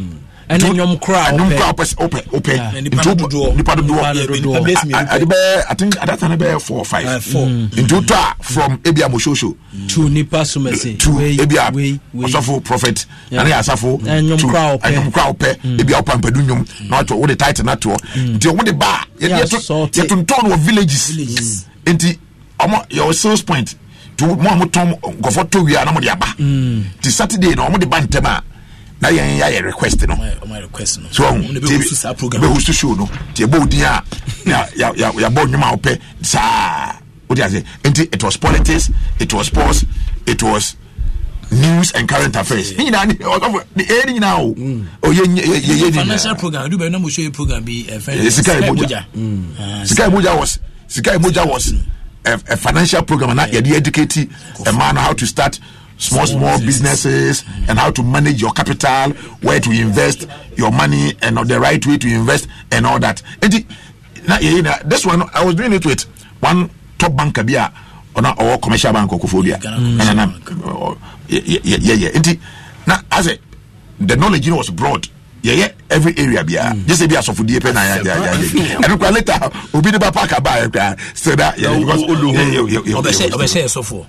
ɛne nnwom kora nnwom kora wopɛ wopɛ wopɛ nti wobɔ nipa dodoɔ i think at that four or five uh, mm. nti wotɔ a from ebi a mososho to nipa somɛse to ebi a ɔsɔfo prophet ɛne yɛ asafo to nnwom kora wopɛ mm. ebi a wopɛ mpɛdu nnwom mm. na wɔtɔ wode title na toɔ nti wode ba a yɛtontɔn wɔ villages nti ɔmɔ yɛwɔ sales point to mo a motɔn nkɔfɔ tɔ wie a na mode aba nti saturday na ɔmode ba ntɛm a na yɛn yɛ ayɛ request no so ɔhu ti bɛhu susu no ti ɛbɔ odin a na yabɔ nnwuma a ɔpɛ saa o ti ase nti it was politics it was sports it was news and current affairs ne nyinaa ni ɔsɔfo ne ee ne nyinaa o mm. oye ye ye ye ne nyinaa financial program duba ɛnna mo show ye program bi ɛfɛ sika emoja sika emoja was sika emoja was a financial program na yɛde educate a man how to start small small businesses and how to manage your capital where to invest your money and the right way to invest and all that eti na yeyi na this one i was doing it with one top banker bi a ɔna ɔwɔ commercial bank ɔkofo bi a ɛnana yɛ yɛ yɛ eti na as a the knowledge you know, was broad yɛyɛ every area bia gye sɛ bi asɔfodie pɛ nayɛyɛ ɛno kora later obi ne ba park abaɛ kora sɛ da yɛbɛsɛ ɛsɔfoɔ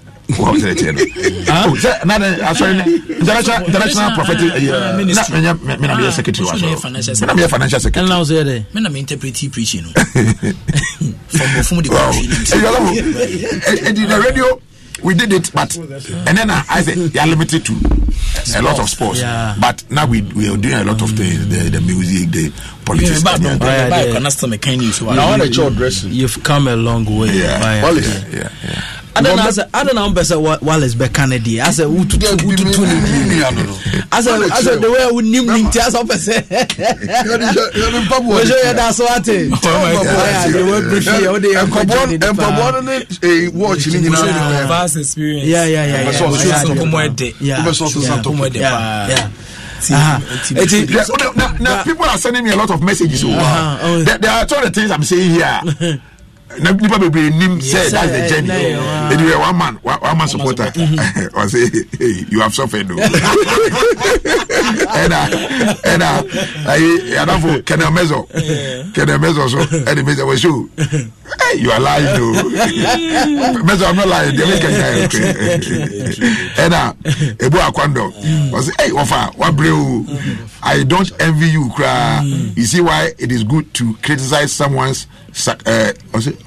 international prophetic menameyɛ secretary menameyɛ financial secretarymenameinterpreti preaching no ɛdi na radio we did it, but and then I, uh, I said you are limited to a lot of sports. Yeah. But now we we are doing a lot of things, the, the music, the politics. Yeah, You've come a long way. Yeah, yeah, yeah. yeah ada na mpɛ sɛ wales bɛka no deɛ asɛ wotutu ne asɛ de wɛ wonim ne nti asɛ wopɛ sɛmɛsɛ yɛda so ate mpaboa no ne watch no nyinaa Uh-huh. It, it, now, now, people are sending me a lot of messages. Oh, uh-huh. Oh. There, there are two things I'm saying here. nipa bebree nim sɛ that's the eh, journey ɛdi yɛ one man one, man supporter ɔsɛ hey you have suffered o ɛna ɛna ayi adafo kɛnɛ mɛzɔ kɛnɛ mɛzɔ so ɛdi mɛzɔ wɔ so hey you are lying o mɛzɔ i'm not lying deɛ mi kɛ kɛ ɛna ebu akwando ɔsɛ mm. hey wɔfa wabere o mm. i don't envy you koraa mm. you see why it is good to criticize someone's uh,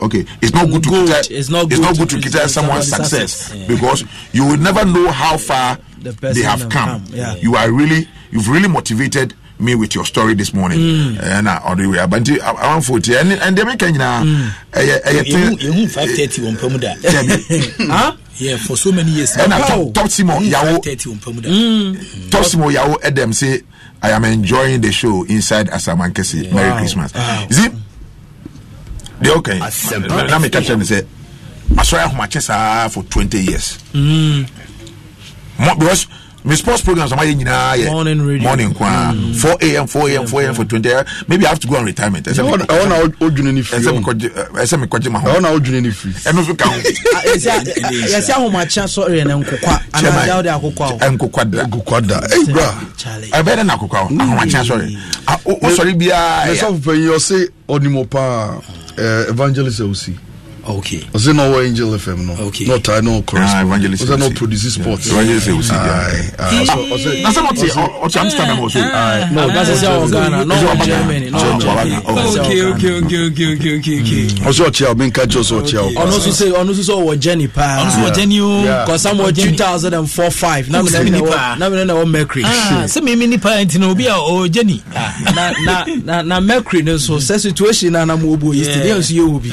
okay, it's not good to good. Critic- it's not good, it's not good to, to criticize someone's success, success. Yeah. because you will never know how far the they have come. come. Yeah. You are really, you've really motivated me with your story this morning. Mm. Eh, and I on the but I want forty and and they make now. You five thirty on permuda. Huh? Yeah, for so many years. Eh, and I top top Simo Yao thirty one permuda. Mm. Top Simo Yao Adam say. I am enjoying the show inside Asamankesi. Merry Christmas. see, deɛ okay na meka kyerɛ ne sɛ masɔre ahomakye saa for 20 years mm. Mo, because me sports programs am ayɛ morning radio morning kwa mm. 4 a.m 4 a.m 4 a.m for 20 hours maybe i have to go on retirement I I want want to to hold hold you you in in ɛsɛ mi kɔjɛ ɛwɔ na ɔdwene ni firi ɛsɛ mi kɔjɛ ma ho ɛwɔ na ɔdwene ni firi ɛnu ah, so ka ho yɛsi ahomakyɛn sɔrɔ yɛ na nkokwa anagya ɔde akokwa o nkokwa da nkokwa da eyi bra ɛbɛyɛ dɛ na akokwa ah, ah, o ahomakyɛn sɔrɔ yɛ ɔsɔre biara yɛ ɛsɛ ɔfɛn yi ɔsi ɔnimɔ paa evangelist ɔsi. Okay. Was it no Angel FM no? Okay. Not I know correspond. Ah, evangelist. Was it no produce sports? Yeah. Evangelist will see. Aye. Aye. Ah, that's what you what you Amsterdam also. Aye. No, that's your Ghana, not Germany. No. Okay, okay, okay, okay, okay, okay, okay. Hmm. Also what you been catch also what you. Ono so say ono so so what Jenny pa. Ono oh, oh, so what Jenny o. Cause some what 2004 5. Na me na na me na o Mercury. Ah, say me me ni pa nti no obi a o oh, Jenny. Ah. Na na na Mercury no so say situation na na mo obo yesterday o so ye obi.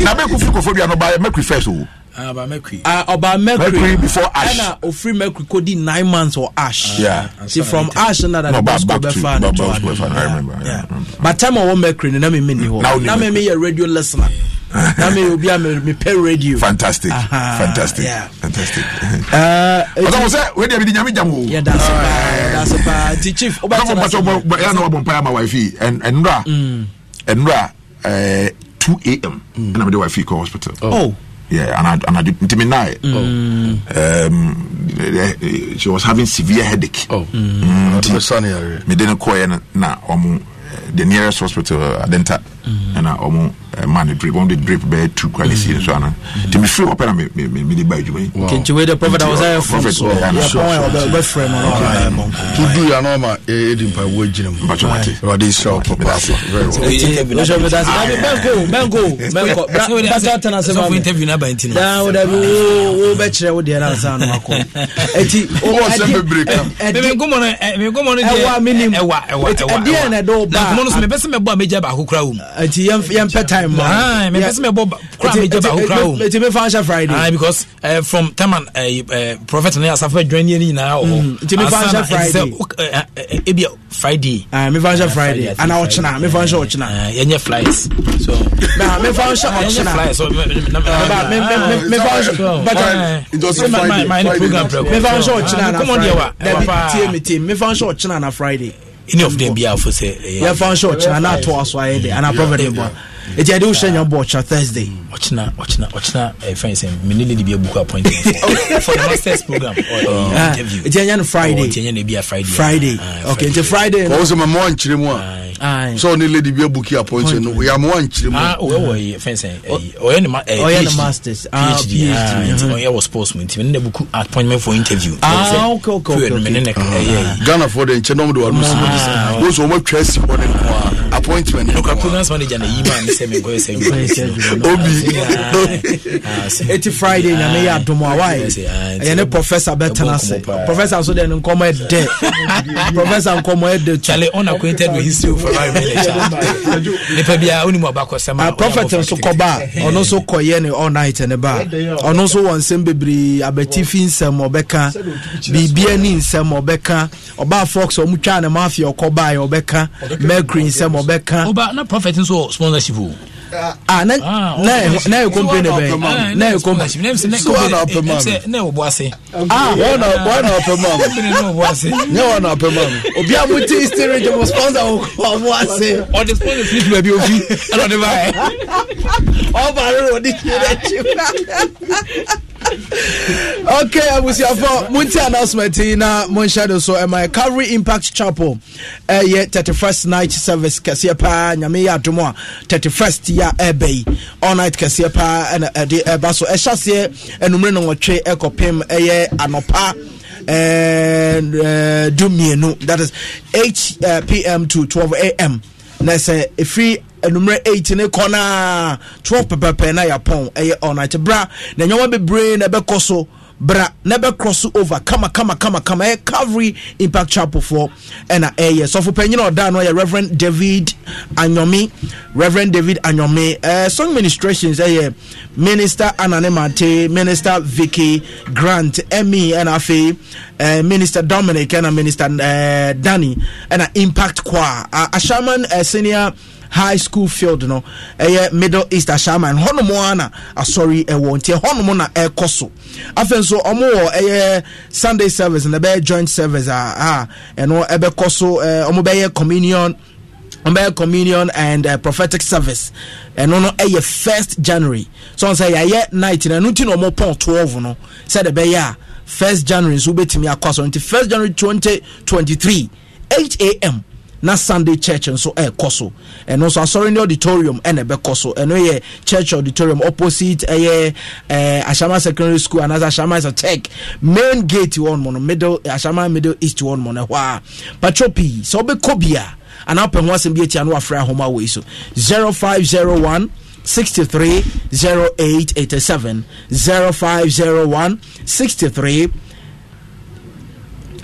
Na mɛku firi kɔfɔ bia no ɔbaa mɛku first o. Ah, ah, ọba mercury ọba mercury before ash ẹna ofiri mercury ko di nine months or ash yeah. see ah, from ash na that boss go bẹfa na to ayi mm. but time ọwọ mercury ni na mi mi ni hɔ na mi yɛ radio listener na mi obi a mi pɛ radio. fantastic Aha, fantastic yeah. fantastic. ọ̀sán mo sẹ́ wẹ́n di ẹbi di nyami jam o. yẹ dansi paa yẹ dansi paa ti chief. ọba tí wọ́n bá sọ bọ́ ẹ̀ ẹ́ náà wà bọ̀ mpa yà wáyé fi ẹ̀ ẹ̀ nura ẹ̀ mm. nura ẹ̀. Eh, 2 a.m. Mm. And I'm the Fika Hospital. Oh. oh. Yeah, and I, and I didn't deny it. she was having severe headache. Oh. Mm. Mm. Me didn't call her now. Eh, the nearest hospital, I uh, didn't ɛna ɔmo ma ne drip ɔmo de drip bɛyɛ tu kura ne si ne ana te mi firi ɔpɛ na mi mi mi de ba edwuma yi. kente wei de prophet awusa yɛ fun so yɛ kɔn yɛ ɔbɛ fɛrɛ mu ɔbɛ mɔ nkɔ. tudu yan n'o ma ee di mpa wo mu. bàtò ma mi. daa o dabi wo wo eti o na ɛdɔw ba. na nkɔmɔ sɛ mɛ bɛ sɛ mɛ bɔ a mɛ jɛ baako kura wo mu nti yɛmpɛ time ma mepɛ sɛ mɛbɔ kora megya baako kra oti mefa nhyɛ friday ah, because uh, from time an uh, eh, uh, eh, prophet ne asafo adwane ne nyinaa wɔ hɔ nti mm, mefa nhyɛ friday ebia friday mefa nhyɛ friday ana ɔkyena mefa nhyɛ ɔkyena yɛnyɛ flies so mefa nhyɛ ɔkyena mefa nhyɛ ɔkyena na friday mefa nhyɛ ɔkyena na friday any of them bi afo sɛ. yɛfa nhyɛ ɔkyena na ato aso ayɛ de ana providence bua ɛti ade wohyɛ nya bɔ ɔkyena thursday ɔkyena ɔkyena ɔkyena ɛfɛn sɛ mene lady bi abuku appointment oh. for the masters program ɛti oh, ah, ɛnyɛ no friday ɛti oh, ɛnyɛ friday friday ah, okay nti friday no ɔwɔ sɛ mama wankyerɛ mu a sɛ ɔne lady bi abuku appointment no yɛ ama wankyerɛ mu a ɔwɔ fɛn sɛ ɔyɛ ne ma masters phd nti ɔyɛ wɔ sports mu nti mene ne abuku appointment for interview ah okay okay okay eh, ghana for de nkyɛn na ɔmo de wa no si mo de asi hɔ ne na appointment. Look, programs manager na yima ni sɛ menkɔyɛ sɛ adwuma. Obi. Ah, ah, ah, Eti Friday nyame yɛ adomo awa yi. Ɛyɛ ne professor bɛtena se. Professor nso de ne nkɔmɔ yɛ dɛ. Professor nkɔmɔ yɛ dɛ. Charlie unacquainted with history for my village. Nipa bia onimu abakɔ sɛm a. Prophet nso kɔba ɔno nso kɔyɛ ne all night ne ba. Ɔno nso wɔ nsɛm bebree abɛtifi nsɛm ɔbɛka biribia ni nsɛm ɔbɛka ɔbaa fox ɔmo twa ne mafia ɔkɔbaa ɔbɛka mercury nsɛm ɔbɛka ɛka woba na prophet nso wɔ sponsorship o ah, na ah, yɛ kɔmpe e ne bɛn na yɛ kɔmpe na yɛ bɔ ase wɔn na ɔpɛ mam nyɛ wɔn na ɔpɛ mam e ah, obi a mo ti stiri jɛ mo sponsor wɔ mo ase ɔde sponsor fi fi baabi ofi ɛna ɔde ba yɛ ɔba rɛ ɔde kiri n'akyi. okay I will see you for yi announcement. monhyɛ do so ɛma eh, calvary impact chapel eh, Yeah, 31st night service kɛseɛ paa nyame dumwa. adom a 31st yɛ a all night kɛseɛ paa ɛna eh, ɛde ɛba so ɛhyɛ aseɛ anumere no wɔtwe ɛkɔpem anopa anɔpa and uh, that is 8 uh, p.m. to 12 a.m. na sɛ ɛfiri enumere eight ne kɔnaa twelve pɛpɛpɛ na yapɔn ɛyɛ ɔnate bra na wa bebree na ɛbɛkɔ so bra na ɛbɛ cross over kama kama kama kama ɛyɛ calvary impact chapel foɔ ɛna ɛyɛ sɔfo panyin na ɔda no yɛ reverend david anyomi reverend david anyomi ɛɛ uh, song ministrations ɛyɛ minister anane mante minister vicky grant ɛmi ɛna afei ɛɛ minister dominic ɛna minister uh, danny ɛna impact choir uh, ashaman uh, senior high school field no ɛyɛ middle east ashaman hɔnom a na asɔre ɛwɔ nti hɔnom na ɛkɔ so afei nso ɔmo wɔ ɛyɛ sunday service na ɛbɛyɛ joint service a ɛno ɛbɛkɔ so ɛɛ ɔmo bɛyɛ communion ɔbɛyɛ communion and uh, prophetic service ɛno no ɛyɛ first january so n sɛ yɛayɛ night na ɛno ti na ɔmo pɔn twelve no sɛdeɛ bɛyɛ a first january nso wobɛtumi akɔ so nti first january twenty twenty three eight a.m na sunday church nso ɛrekɔ so ɛno nso asɔre ne auditorium ɛna ɛbɛkɔ so ɛno yɛ church auditorium opposite ɛyɛ ɛɛ eh, ahyama secondary school anaasɛ Ashama is a tech main gate wɔn mo no middle Ashama middle east wɔn mo no ɛhɔ a patro pii sɛ ɔbɛkɔ bia anaa ɔpɛ ho asɛm bi etia no wafrɛ ahoma wɔ yi so zero five zero one. 63 0887 0501 63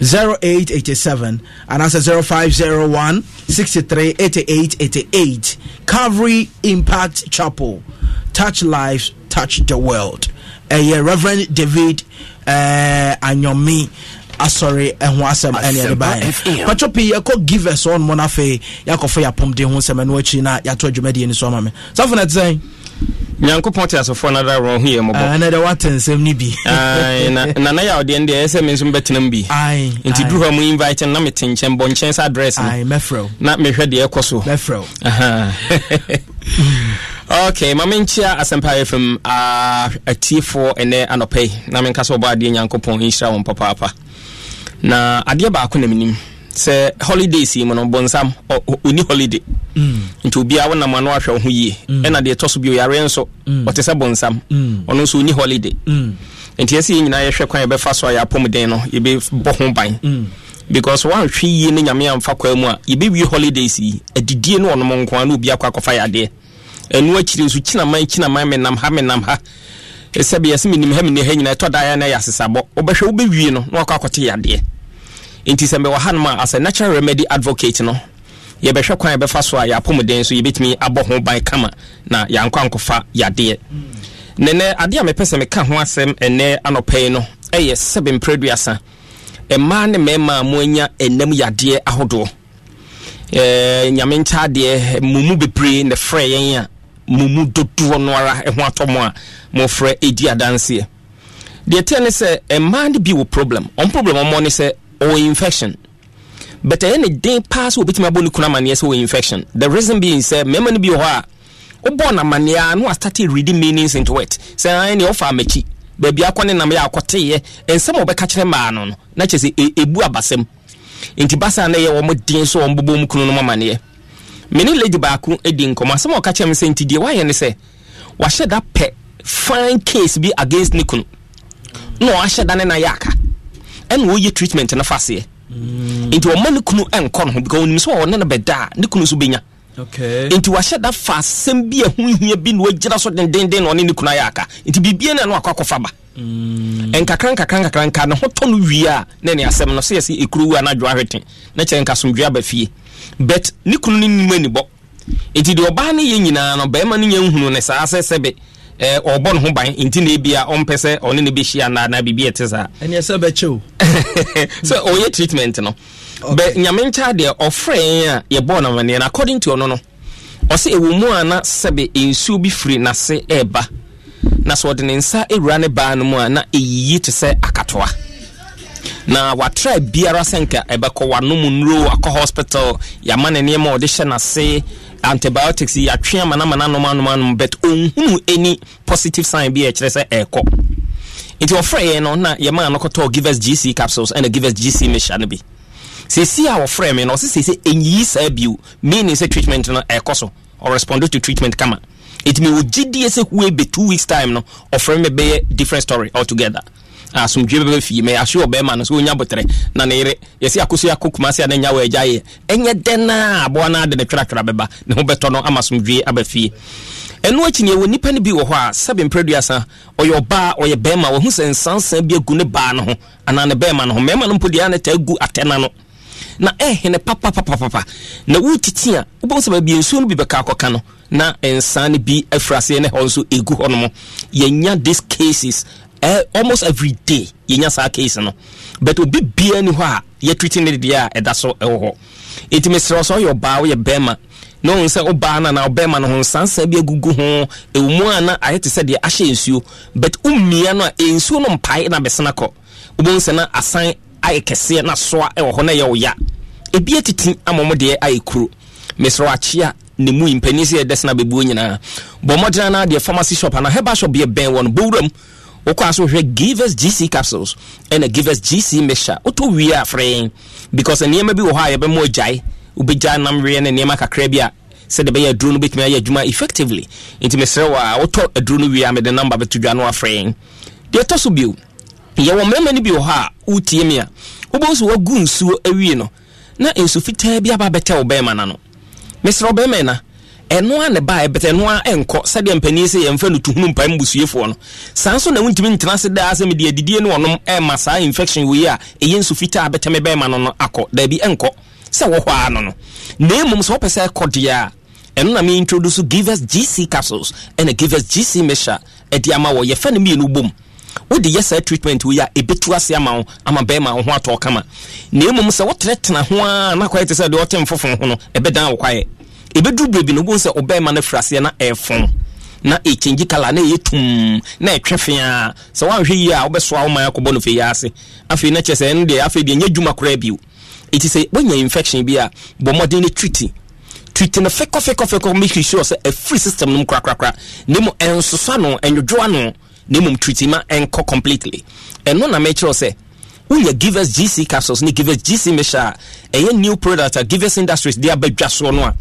0887 and answer 0501 63 88 88. Calvary Impact Chapel. Touch lives, touch the world. Uh, Reverend David uh, Anyomi. asɔre ah, eh, ɛho asɛm ɛne ɛde baeɛ patwɔ pii yɛkɔ givers ɔ nomɔ no afei yɛakɔfa yɛapɔmden ho nsɛm ɛno akyi na yɛato adwumadeɛ ni so ama me safo na ɛte nyankopɔn te asofoɔ no da wrɔ ho yɛ mmɔbɔnɛdɛ ah, woate nsɛm no bi nana ah, yɛ awodeɛ no deɛ ɛsɛ me nso mbɛtenam bi nti duru hɔ mu invite na mete nkyɛn bɔ nkyɛn sɛ address no na mehwɛ deɛ ɛkɔ so ok ma menkyia asɛmpa fm ah, atiefoɔ ɛnɛ anɔpɛ yi na menka sɛ wɔbɔ adeɛ nyankopɔn nhyira wɔn papaapa na adeɛ baako na menim sɛ holidays yi mu no bɔnsam ɔni holiday mm. nti obiara wonam ano ahwɛ wo ho yie mm. ɛna deɛ ɛtɔ so bio nso mm. ɔte sɛ bɔnsam ɔno nso ɔni holiday nti ɛsɛ yɛ nyinaa yɛhwɛ kwan yɛbɛfa so a yɛapɔm den no yɛbɛbɔ ho ban because woanhwɛ yie ne nyame amfa kwaa mu a yɛbɛwie holidays yi adidie ne ɔnom nkoa ne obi akɔ akɔfa akyiri nso kyinaman kyinaman menam ha menam ha ɛsɛ bɛyɛ sɛ ha menne ha nyinaa ɛtɔ na asesabɔ wobɛwie no na wakɔ akɔte nti sɛ mbɛwɔ as a natural remedy advocate no yɛbɛhwɛ kwan yɛbɛfa so a yɛapɔmuden so yɛbɛtumi abɔ ho ban kama na yɛankɔ ankɔfa yadeɛ nenɛ adeɛ a mepɛ sɛ meka ho asɛm ɛnɛ anɔpɛ no ɛyɛ sɛbe mprɛduasa mmaa ne mmarima a moanya ɛnam yadeɛ ahodoɔ eh, nyame nkyɛ adeɛ mo mu bebree na frɛ yɛn a mo mu dodoɔ no ara ho atɔ mo a mofrɛ ɛdi adanseɛ deɛ tɛ ne sɛ mmaa no bi wɔ problem ɔm problem ɔmmɔ ne sɛ Or infection but any day pass paa sɛ obɛtumi abɔ ne kunu amanneɛ sɛ infection the reason being sɛ mmarima no bi wɔ hɔ a wobɔɔ no amanneɛ a reading meanings into it sɛ ɛn offer ɔfa amakyi baabi akɔ ne nam yɛ akɔteeɛ nsɛm a wɔbɛka kyerɛ mmaa no no na kyerɛ sɛ ɛbu abasɛm nti basa no yɛ wɔn den so wɔn bobɔ mu kunu no amanneɛ Many lady baako di nkɔmɔ asɛm a ɔka kyerɛ me sɛ nti deɛ wayɛ ne sɛ wahyɛ da fine case be against ne kunu na ɔahyɛ da ne na yɛ ɛna wɔyɛ treatment no fa seɛ mm. nti ɔma ne kunu ɛnkɔ no ho because onim sɛ ɔne no bɛda a ne kunu so bɛnya nti wahyɛ da fa asɛm bi a hohia bi na wagyina so dendenden na ɔne ne kunu ayɛ aka nti biribia no ɛno akɔ akɔfa ba mm. nkakra nkakra nkakra nka ne ho tɔ no wie a na ne asɛm no sɛ yɛ sɛ ɛkuro wu a no adwo ahwete na kyerɛ nka somdwe aba fie but ne kunu no nim anibɔ nti deɛ ɔbaa no yɛ nyinaa no bɛrima no nya nhunu ne saa sɛ sɛbe ɔbɔ eh, ne ho ban nti na ebia ɔmpɛ sɛ ɔne ne bɛhyia na na biribi ɛte saa ɛneɛ sɛ bɛkyɛw sɛ ɔyɛ treatment no bɛ nyame nkyɛ deɛ ɔfrɛ yɛn a yɛbɔɔ no amaneɛ na according to ɔno no ɔsɛ ɛwɔ mu a na sɛbe nsuo bi firi n'ase ɛreba na sɛ ɔde ne nsa awura ne baa no mu a na eyiyi te sɛ akatoa na watra biara sɛ nka ɛbɛkɔ wanom nnuro akɔ hospital yɛama ne nneɛma ɔde hyɛ n'ase antibiotics yɛatwe amanamana nom anom anom but ɔnhunu any positive sign bi a ɛkyerɛ sɛ ɛrekɔ nti wɔfrɛ no na yɛmaa no give us gc capsules ɛna us gc mehyia no bi sesi a wɔfrɛ me no ɔse sɛ sɛ ɛnyiyi saa bio meaning sɛ treatment no ɛrekɔ so ɔresponded to treatment kama ɛtumi wɔgyedie sɛ hue bɛ two weeks time no ɔfrɛ me bɛyɛ different story altogether asomdwe bɛbɛ fie mɛ ahwe ɔbɛrima no sɛ ɔnya botere na ne yere kuma sɛ nya wɔ agya yɛ ɛnyɛ dɛn na aboa no ade ne twerɛtwerɛ bɛba ne ho bɛtɔ no ama aba fie ɛno akyi nipa no bi wɔ hɔ a sɛbe mprɛduasa ɔyɛ ɔbaa ɔyɛ bɛrima wahu sɛ nsansan bi agu ne baa no ho anaa ne bɛrima no ho mmarima ne atɛna na ɛhene na wotiti a wobɛhu sɛ baabi nsuo no bi bɛka akɔka na nsa no bi afiri ne hɔ nso ɛgu hɔ no mu yɛnya these cases eh, almost every day yɛnya saa case no but obi biara ni hɔ a yɛtwiti ne deɛ a ɛda so ɛwɔ hɔ ɛti mesrɛ sɛ ɔyɛ ɔbaa woyɛ bɛrima na ɔhu sɛ wobaa no no ho nsansa bi agugu ho ɛwɔ a na ayɛ te sɛ deɛ ahyɛ nsuo but wommia no a nsuo no mpae na bɛsena kɔ wobɛhu sɛ na asan ayɛ kɛseɛ na soa ɛwɔ hɔ na ɛyɛ wo ebi atiti ama deɛ ayɛ kuro mesrɛ wokɔ aso hwɛ givers gc capsules ɛna givers gc mesha. wotɔ wie afrɛn because nneɛma bi wɔ hɔ a yɛbɛmɔ gyae wobɛgya nam weɛ ne nneɛma kakra bi a sɛde bɛyɛ aduro no bɛtumi ayɛ adwuma effectively nti mesrɛ wɔ a wotɔ aduro no wie a mede namba bɛto dwa no afrɛn deɛ ɛtɔ so bio yɛwɔ mmarima no bi wɔ hɔ a wotie mi a wobɛhu so woagu nsuo awie no na nsu fitaa bi aba bɛtɛ wo bɛrima na no mesrɛ wo bɛrima na ɛno a ne baa ɛbɛtɛ ɛno a ɛnkɔ sɛdeɛ mpanyin sɛ yɛmfɛ no tuhunu mpae mbusuefoɔ no saa nso na wontumi ntena se daa sɛ mede adidie ne ɔnom ɛma e, saa infection wei a ɛyɛ nsu fitaa bɛtɛme bɛrima no no akɔ daabi ɛnkɔ sɛ wɔ hɔ a no no na mmom sɛ wopɛ sɛ ɛkɔ deɛ a ɛno na meintroduce givers gc capsules ɛna givers gc mesha ɛde ama wɔ yɛfɛ no mmienu bom wode yɛ saa treatment wei a ɛbɛtu ase ama wo ama bɛrima wo ho atɔ kama na mmom sɛ wotenetena ho a na kɔyɛ te sɛ deɛ ɔte mfofo ho no ɛbɛdan wo kwaeɛ ɛbɛduru bere bi no wohu sɛ ɔbɛrima no afiraseɛ na ɛɛfon na ɛkyɛngyi kala na ɛyɛ tum na ɛtwe fea sɛ woanhwɛ yie a wobɛsoa wo ma akɔbɔ no fei ase afei na kyɛ sɛ ɛno deɛ afei deɛ nyɛ dwuma koraa bio ɛti sɛ woanya infection bi a bɔ no twiti twiti no fɛkɔ fɛkɔ sure sɛ ɛfiri system no mu korakorakora na mu ɛnsosa no ɛnwodwoa no na mmom twiti ma ɛnkɔ completely ɛno na mɛkyerɛw sɛ woyɛ givers gc capsules ne givers gc mehyɛ a ɛyɛ new product a givers industries de abɛdwa soɔ no a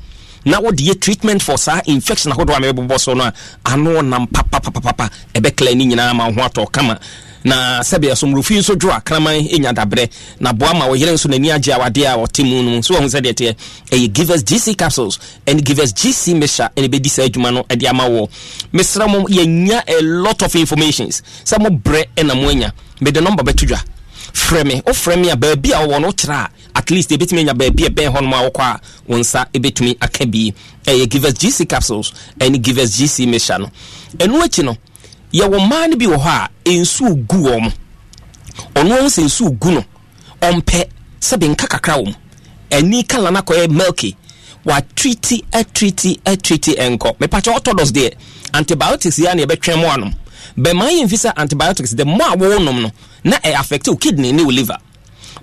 na wode yɛ treatment for saa infection ahodoɔ a mebɛbobɔ so no a ano nam papapapapa ɛbɛkla ni nyinaa ma ho atɔ kama na sɛbea somrofi nso dwo a kraman ɛnya daberɛ na boa ma wɔyere nso n'ani agye awadeɛ a ɔte mu no so wahu sɛdeɛ teɛ ɛyɛ givers gc capsules ɛne givers gc mesha ɛne bɛdi saa adwuma no ɛde ama wɔ mesrɛ mo yɛnya a lot of informations sɛ mobrɛ ɛna mo anya mede nɔmba bɛto dwa frɛ me wofrɛ me a baabi a wɔwɔ no wokyerɛ a at least yɛbɛtumi anya baabi ɛbɛn hɔ nom a wokɔ a wo nsa ɛbɛtumi aka bi ɛyɛ givers gc capsules ɛne givers gc mehyɛ no ɛno akyi no yɛwɔ mmaa no bi wɔ hɔ a nsuo gu wɔ mu ɔno sɛ nsuo gu no ɔmpɛ sɛbi nka kakra wɔ mu ɛni kala no akɔyɛ milky watriti atriti atriti ɛnkɔ mepakyɛ ɔtɔdɔs deɛ antibiotics yɛ a na yɛbɛtwɛn mu anom bɛmaa yɛmfi sɛ antibiotics the more a wɔwɔ nom no na ɛyɛ affecte wo kidney ne wo liver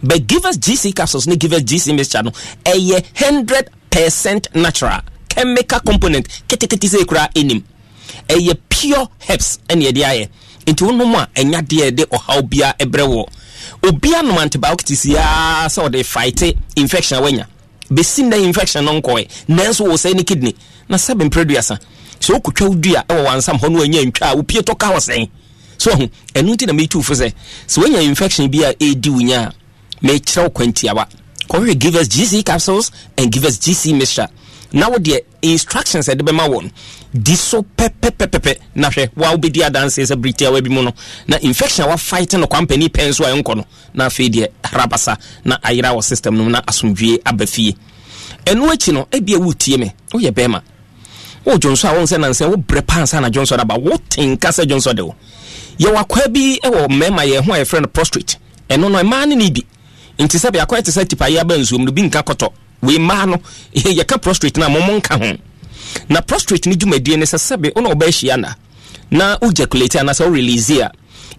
but give us gc capsules ne give us gc mixture no ɛyɛ hundred percent natural chemical component ketekete sɛ ekura anim A pure herbs ɛna yɛde ayɛ Into wɔnom a ɛnya deɛ de ɔhaw biara ɛbrɛ wɔ obia nom antibiotics yaa sɛ ɔde fight infection a Be bɛsi nnɛ infection no nkɔɛ nanso wɔ sɛe ne kidney na sɛ bɛmpere So sɛ wokɔtwa wo dua wansam honu no anya ntwa a wopie tɔ so ho ɛno nti na metu fo So sɛ woanya infection bi a ɛdi wo mekyerɛ wo kwantiawa kɔhwɛ give us gc capsules and give us gc mixture na wo deɛ instructions ɛde bɛma wɔn di so pɛpɛpɛpɛpɛ na hwɛ wa wobɛdi adanse eh, sɛ britiawa bi mu no na infection a wafight no kwampani pɛn so a ɛnkɔ no na afei deɛ harabasa na ayera wɔ system no na asomdwie aba fie ɛno akyi no ebia wotie me woyɛ bɛrima wo johnson a wɔn sɛ nansɛn wo brɛ pansa na johnson daba wo tenka sɛ johnson de wo yɛwɔ akwaa bi e wɔ mmarima yɛn ho a yɛfrɛ no prostrate ɛno no mmaa e ne ne bi nti sɛ biakɔ ɛte sɛ tipaeɛ aba nsuom no bi nka kɔtɔ wei mmaa no yɛka prostrate no a mɔmɔ nka ho na prostrate no dwumadie ne sɛ sɛbe wona wɔbɛahyia na na wojaculate anaasɛ worelease a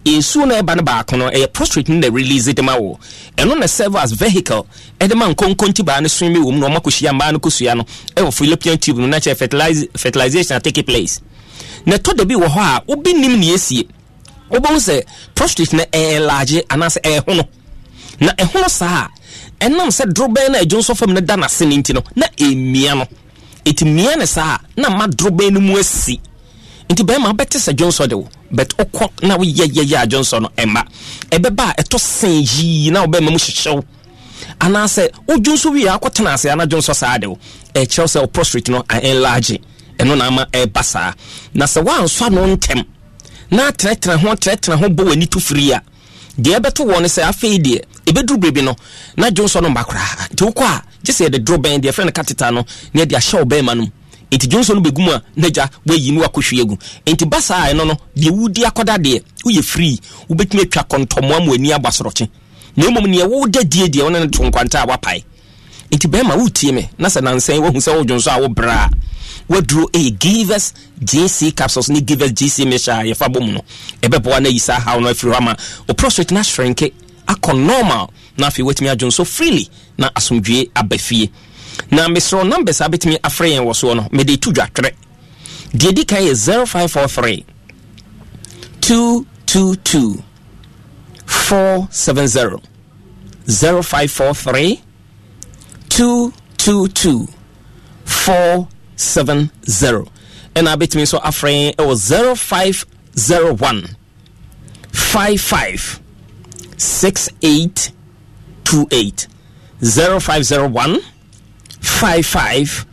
nsuo no ɛba no baako no ɛyɛ prostrate no na release de ma wo ɛno na serve as vehicle ɛde ma nkonkonti baa no swimi wɔ mu na ɔmakɔhyia mmaa no kɔsua no ɛwɔ fallopian tube no na kyerɛ fertilization a take place na ɛtɔ da bi wɔ hɔ a wobɛnim ne ɛsie wobɛhu sɛ prostrate no ɛɛlagye anaasɛ ɛɛho no na ɛhono saa a ɛnam sɛ dorobɛn no a ɛdwo nso fam no da n'ase no nti no na ɛmia no ɛti mmia ne saa na ma dorobɛn no mu asi nti bɛrima bɛte sɛ dwonsɔ de wo but wokɔ na woyɛyɛyɛ a dwonsɔ no ɛma ɛbɛba a ɛtɔ sen yii na wobɛrima mu hyehyɛ wo anaasɛ wodwo nso wie akɔtena ase ana dwonsɔ saa de wo ɛkyerɛw sɛ wo prostrate no ɛnlage ɛno na ama ɛba saa na sɛ woansɔ no ntɛm na tenatena ho tenatena ho bɔ w'ani to firi a deɛ ɛbɛto wɔ no sɛ afei deɛ ɛbɛduru biribi no na dwo nsɔ no mba koraa nti wokɔ a gye sɛ yɛde doro bɛn deɛ ɛfrɛ no kateta no na yɛde ahyɛ wo bɛrima no mu nti dwo nsɔ no bɛgu mu a n'agya woayi no wakɔhwie agu nti ba saa ɛno no deɛ wodi akɔda deɛ woyɛ firi wobɛtumi atwa kɔntɔmmoa ma ani aba sorɔkye na mmom neɛ woda die deɛ wone no to nkwanta a woapae nti bɛrima wotie me na sɛ nansɛn woahu sɛ wodwo nsɔ a wobrɛ a waduro ɛyɛ givers gc capsules ne givers gc mehyɛ a yɛfa bɔ mu no ɛbɛboa no ayi saa haw no afiri hɔ ama wo no asrenke akɔ normal na afei watumi adwo nso freely na asomdwue aba fie na mesrɛ numbers a bɛtumi afrɛ yɛn wɔ soɔ no mede tu dwatwerɛ deɛ di kan yɛ 0543 222 470 0543 222 470 ɛna bɛtumi nso afrɛ yɛn ɛwɔ 0501 55 6828 0501 55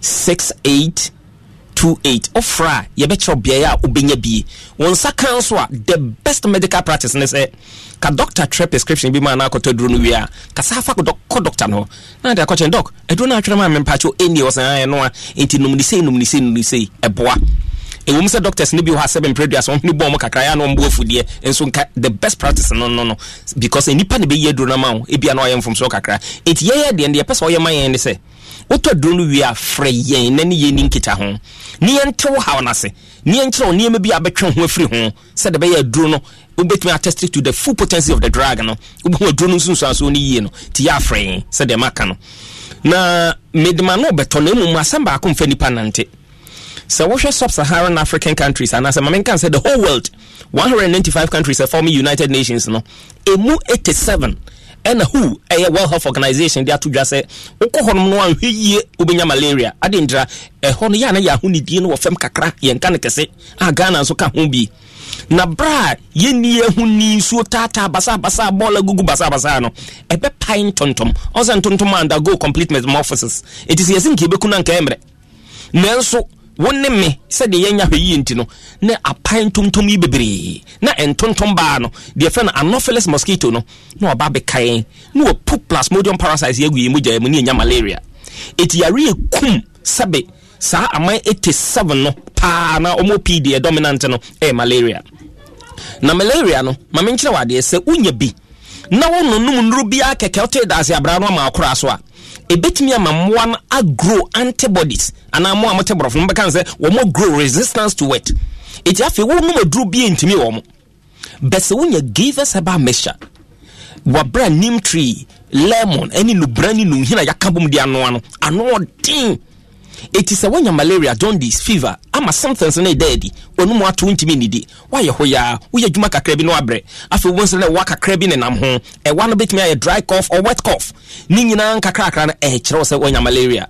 68 28 ɔfra a yɛbɛkyerɛ beaeɛ a wobɛnya bie wɔn nsa kan so a the best medical practice ne sɛ ka doctor twerɛ prescription bi ma na akɔtɔ duro no wie a kasa fa kɔ doctor no hɔ na de akɔkyɛn doc aduro no atwerɛ ma mempakyɛ ɛnie wɔ ah, sɛ ɛno a enti nom ne sei nom ne sei nom ne sei ɛboa ɛwɔ sɛ doctors no bi wɔ ha sɛ bɛmprɛdua sɛ ɔmene bɔ ɔm kakra yɛ na ɔmbo afudeɛ nso nka the best practice no no no because nnipa ne bɛyi aduro no ma wo ebia na ɔyɛ mfomsoɔ kakra enti yɛyɛ deɛ no yɛpɛ sɛ ɔyɛ ma yɛn ne sɛ wotɔ aduro no wie a frɛ yɛn na ne yɛni nkita ho ne yɛnte wo haw no ase ne yɛnkyerɛ wo nneɛma bi a ho afiri ho sɛde bɛyɛ aduro no wobɛtumi attest to the full potency of the drug no wobɛhu aduro no nsunsuansoɔ no yie no nti yɛ afrɛ yɛn sɛdeɛ maka no na medema no ɔbɛtɔ na mmom asɛm baako mfa nnipa nante sɛ wohwɛ sub-saharan african countries anaasɛ ma menka sɛ the whole world 195 countries uh, a former united nations no ɛmu 87 ɛna who ɛyɛ world health organization de ato dwa sɛ wokɔ hɔ nom no anhwɛ yie wobɛnya malaria ade ndra ɛhɔ eh, no yɛ ana yɛ ahodidie no wɔ fam kakra yɛnka no kɛse a ah, ghana nso ka ho bi na bra a yɛnni ahu ni nsuo taataa basabasa bɔɔla gugu basabasa no ɛbɛpae ntontom ɔsɛ ntontom a undergo complete metamorphosis ɛti sɛ yɛsɛ nka yɛbɛku no anka ɛmmerɛ nanso wo ne me sɛdeɛ yɛnya hwɛ yie nti no ne apan ntomtom yi bebree na ɛntontom baa no deɛ fɛ no anopheles mosquito no na ɔba bɛkae na wɔpu plasmodium parasites yɛagu yɛ mogya mu ne yɛnya malaria ɛti yare yɛkum sɛbe saa aman 87 no paa na ɔmɔ deɛ dominant no eh malaria na malaria no ma menkyerɛ wɔ adeɛ sɛ wonya bi na wononom nnuro biara kɛkɛ wotee daase abra no ama akora so a ɛbɛtumi ama mmoa no agrow antibodies anaa mmoa mote borɔfo no bɛka ne sɛ wɔmɔ grow resistance to it ɛti afei wo nom aduro bia ntumi wɔ mo bɛ sɛ wonya gavers ɛba mixture wabra nim tree lemon ɛne lubra ne nunhina yɛaka bom de anoa no ano ɔden eti sɛ wanya malaria jaundice fever ama somethings ne da adi ɔno mu ato ntumi nidi woayɛ hɔ yaa woyɛ adwuma kakra bi no abrɛ afei wo nsɛ no ɛwa kakra bi ne nam ho ɛwa e no bɛtumi ayɛ dry cough or wet cough ne nyinaa nkakrakra no ɛkyerɛ eh, wo sɛ wanya malaria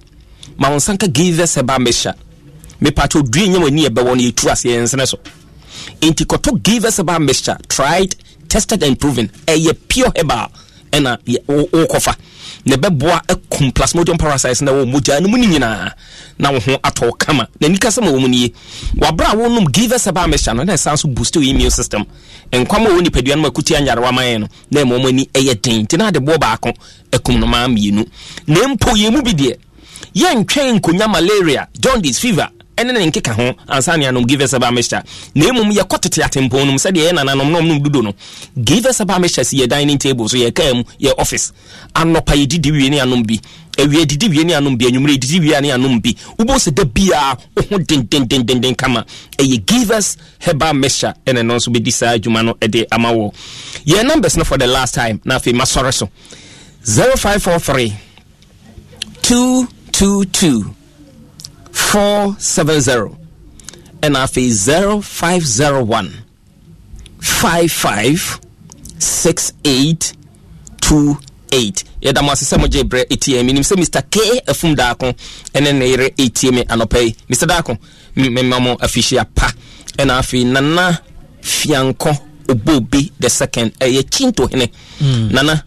ma wo nsanka gave sɛ ba mɛhyɛ mepatɛ odue nyɛ wani ɛbɛwɔ no yɛtu ase yɛnsene so enti kɔtɔ gave sɛ ba mɛhyɛ tried tested and proven ɛyɛ e pure herbal ɛna wokɔfa na ɛbɛboa akum plasmodium parasites na wɔ mogya no mu no nyinaa na wo ho atɔ kama na nika sɛ ma wɔ mu nie wabrɛ a wonom give ɛbaa mehyɛ no na ɛsan so boost immune system nkwa ma wɔ nipadua no ma kuti anyarewa ma yɛ no na ɛma ɔma ani ɛyɛ den nti na ade boɔ baako akum no maa mmienu na mpo yɛ mu bi deɛ yɛntwɛn nkonnwa malaria jaundice fever ɛne ne nkeka ho ansa anom give us about mixture na mmom yɛkɔ tete atempɔn no mu sɛdeɛ yɛ nananom no ɔmnom dudo no give us about mixture si yɛ dining table so yɛ kaa mu yɛ office anɔpa yɛdidi wie ne anom bi awia didi wie ne anom bi anwummerɛ didi wie ne anom bi wobɛ sɛ da biaa wo ho dendendendenden kama ɛyɛ give us heba mixture ɛne no nso bɛdi saa adwuma no ɛde ama wɔ yɛ numbers no for the last time na afei masɔre so 0543 222 470 and afei 0501 55 6828 yɛda mo ase sɛ mogye berɛ ɛtie menim sɛ mr k afum daako ɛne ne yere ɛtie me anɔpa yi mr daako mema mo afihyia pa ɛna afei nana fiankɔ obobe the second ɛyɛ eh, kinto hene mm. nana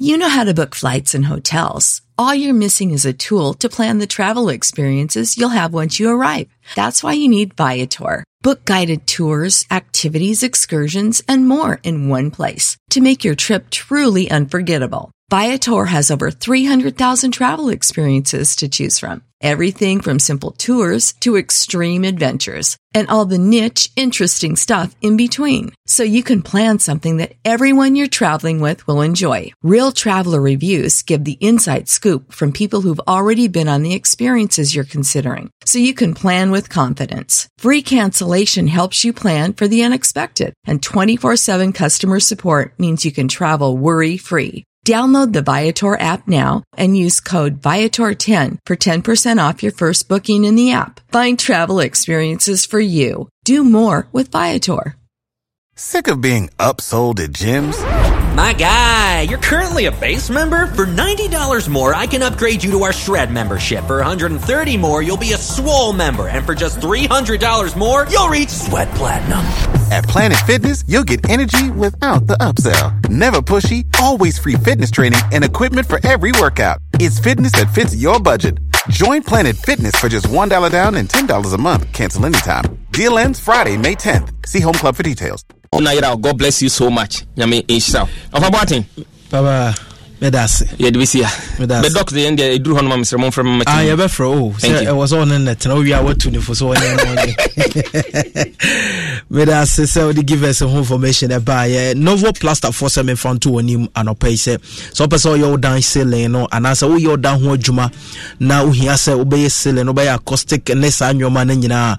You know how to book flights and hotels. All you're missing is a tool to plan the travel experiences you'll have once you arrive. That's why you need Viator. Book guided tours, activities, excursions, and more in one place to make your trip truly unforgettable. Viator has over 300,000 travel experiences to choose from Everything from simple tours to extreme adventures and all the niche, interesting stuff in between. So you can plan something that everyone you're traveling with will enjoy. Real traveler reviews give the inside scoop from people who've already been on the experiences you're considering. So you can plan with confidence. Free cancellation helps you plan for the unexpected and 24 7 customer support means you can travel worry free. Download the Viator app now and use code Viator10 for 10% off your first booking in the app. Find travel experiences for you. Do more with Viator. Sick of being upsold at gyms? My guy, you're currently a base member. For $90 more, I can upgrade you to our Shred membership. For $130 more, you'll be a Swole member. And for just $300 more, you'll reach Sweat Platinum. At Planet Fitness, you'll get energy without the upsell. Never pushy, always free fitness training and equipment for every workout. It's fitness that fits your budget. Join Planet Fitness for just $1 down and $10 a month. Cancel anytime. Deal ends Friday, May 10th. See Home Club for details wona god bless you so much nyame nhyira wo ɔfa boaten baba meda ase yɛde bɛsia bɛdɔk de ɛndeɛ ɛduru hɔ noma mesrɛ momfrɛ mma ah, yɛbɛfrɛ o oh, sɛ ɛwɔ sɛ wo ne nnɛtena wowie a watu ne sɛ wɔnyɛ mede ase sɛ wode give us ho information ɛbaɛ novel plasterfoɔ sɛ memfanto w'anim anɔpa yi sɛ sɛ wopɛ sɛ woyɛ wodan selen no anaasɛ woyɛ wodan ho adwuma na wohia sɛ wobɛyɛ selen no wobɛyɛ acostic ne saa nnwɔma no nyinaa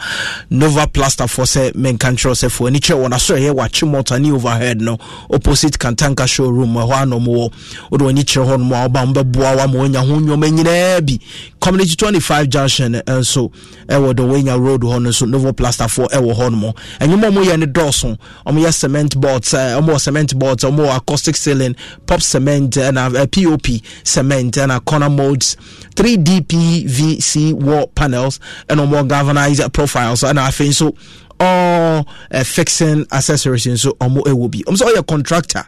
Nova plasterfoɔ sɛ menka nkyerɛ sɛ fo ani kyerɛ wɔn aso ɛyɛ wakye mɔta ne overhead no opposite kantanka showroom ɛhɔ anɔ mu wɔ wode w'ani kyerɛ hɔ nom a woba mbɛboa wo ama woanya ho nnwɔma nyinaa bi community 25 junction nso ɛwɔ the wanya road hɔ no nso novel plasterfoɔ ɛwɔ hɔ nom ɛnwom nneɛma ɔmo yɛ no dɔɔso ɔmo yɛ cement boards ɔmo eh, wɔ cement boards ɔmo wɔ acoustic ceiling pop cement ɛna uh, eh, pop cement ɛna uh, corner molds 3d pvc wall panels ɛna ɔmo galvanized profiles ɛna afei nso all uh, fixing accessories so nso ɔmo ɛwɔ eh, bi ɔmo sɛ ɔyɛ contractor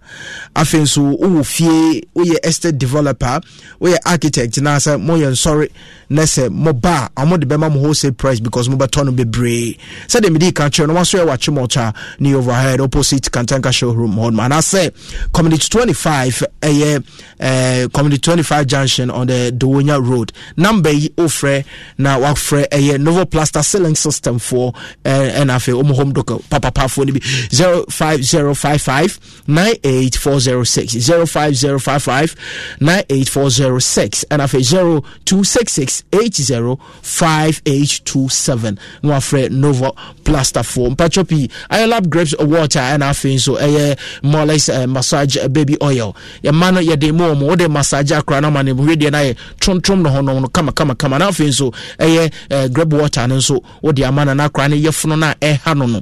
so. nso ɔwɔ fie ɔyɛ estate developer ɔyɛ architect na sɛ mo yɛ sorry. na sɛ mo ba a ɔmo de bɛma mo wholesale price because mo bɛtɔ no bebree sɛdeɛ mi di country. kyerɛ no wɔn aso yɛ wɔakye mo overhead opposite kantanka showroom man. nom say, community 25. five ɛyɛ eh, community 25 junction on the dowonya road number yi offer now offer ɛyɛ novel plaster ceiling system for and a afei wɔn home doctor papapafoɔ no bi zero five zero five five nine eight four zero six zero five zero five five nine eight four zero six ɛna afei zero two six six eight zero five eight two seven na wafrɛ nova plasterfoɔ mpatwa pii ayɛ lab grapes water ɛna afei nso ɛyɛ molex uh, massage uh, baby oil yɛma no yɛde mu wɔn wɔde massage akora na ma ne mu hwedeɛ na yɛ trontrom na hɔnom no kama kama kama na afei nso ɛyɛ eh, uh, eh, eh, grape water no nso wɔde ama na na akora no yɛ funu na ɛ ɛha no no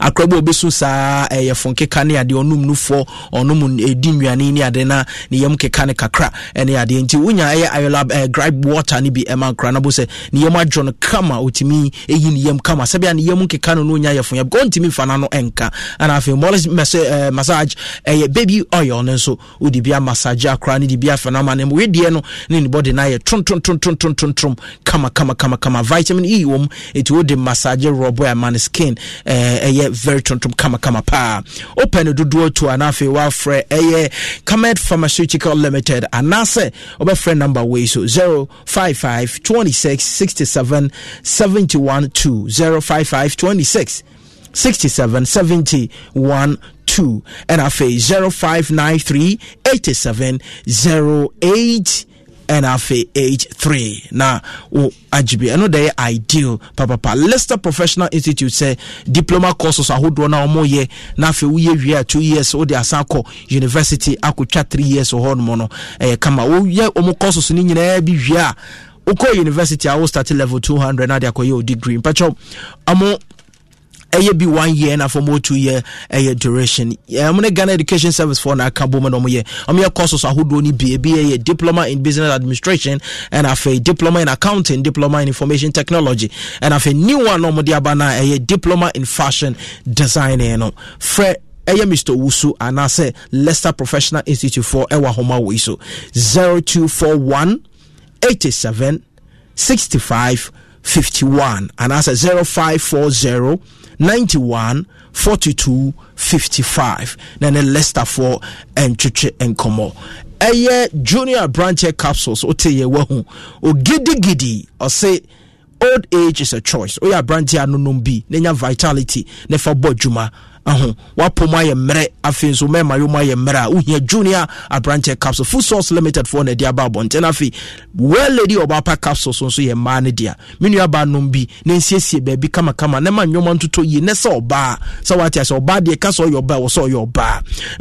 akoraba obi so saa ɛyɛ eh, fo nkeka ne adeɛ ɔnom nofoɔ ɔnom ɛdi nnuane ne adeɛ na ne yam keka ne kakra ɛne eh, adeɛ nti wonya ɛyɛ eh, ayolab gripe water no bi ɛma nkora na bo sɛ ne yam adwo no kama ɔtumi ɛyi ne yam kama sɛbia ne yam nkeka no no ɔnya yɛ fo yɛ bcause ɔntumi mfa n'ano ɛnka ana afei mɔlis massage ɛyɛ baby oil no nso wode bi amassage akora no de bi afa no ama no mu wedeɛ no ne ne bɔde no ayɛ kama kama kama kama vitamin e wɔ m ɛti wode massage rɔbɔ ɛyɛ very tontom kamakama paa Open no dodoɔ to anaa afei woafrɛ ɛyɛ camed pharmaceutical limited anaasɛ wobɛfrɛ number wei so 055 26 67 71 2 055 26 67 71 2 and afei 0593 87 08 And after age three now, oh, agye I know they yɛ ideal papapa leicester professional institute say diploma courses are ahodoɔ no a wɔyɛ na afei woyɛ wie a two years wode asan kɔ university akɔtwa three years wɔ hɔnom no ɛyɛ kama woyɛ ɔmo courses no nyinaa bi wie a university a wo start level 200 na de akɔyɛ o degree mpatwɛ ɔmo ɛyɛ bi one year na afɔ mo two year ɛyɛ duration ɛmo ne ghana education service fɔ na aka bom na ɔmo yɛ ɔmo yɛ courses ahodoɔ ni bi ebi yɛ diploma in business administration ɛna afɛ diploma in accounting diploma in information technology ɛna afɛ new one na ɔmo de aba na ɛyɛ diploma in fashion design no frɛ ɛyɛ mr wusu anaasɛ leicester professional institute for ɛwɔ ahoma wɔ yi so zero two four one eighty seven sixty five. 51 anaasɛ 0540 91 42 55 na ne lesterfoɔ ntwetwe nkɔmmɔ ɛyɛ junior brancher capsules woteyɛ wahu ogidigidi ɔse old age is a choice woyɛ aberanteɛ anonom bi na nya vitality na fa bɔ adwuma aho wapɔ mu ayɛ mmerɛ afei nso mɛma yɛ mu ayɛ mmerɛ a wohia junior aberanteɛ capsule food source limited foɔ na ɛde aba abɔnten afei well lady ɔbaapa capsule so nso yɛ mmaa no dea me nuabaa nom bi na nsiesie baabi kamakama na ma nnwoma ntotɔ yie ne sɛ ɔbaa sɛ wate asɛ ɔbaa deɛ ka sɛ ɔyɛ ɔbaa wɔ sɛ ɔyɛ ɔbaa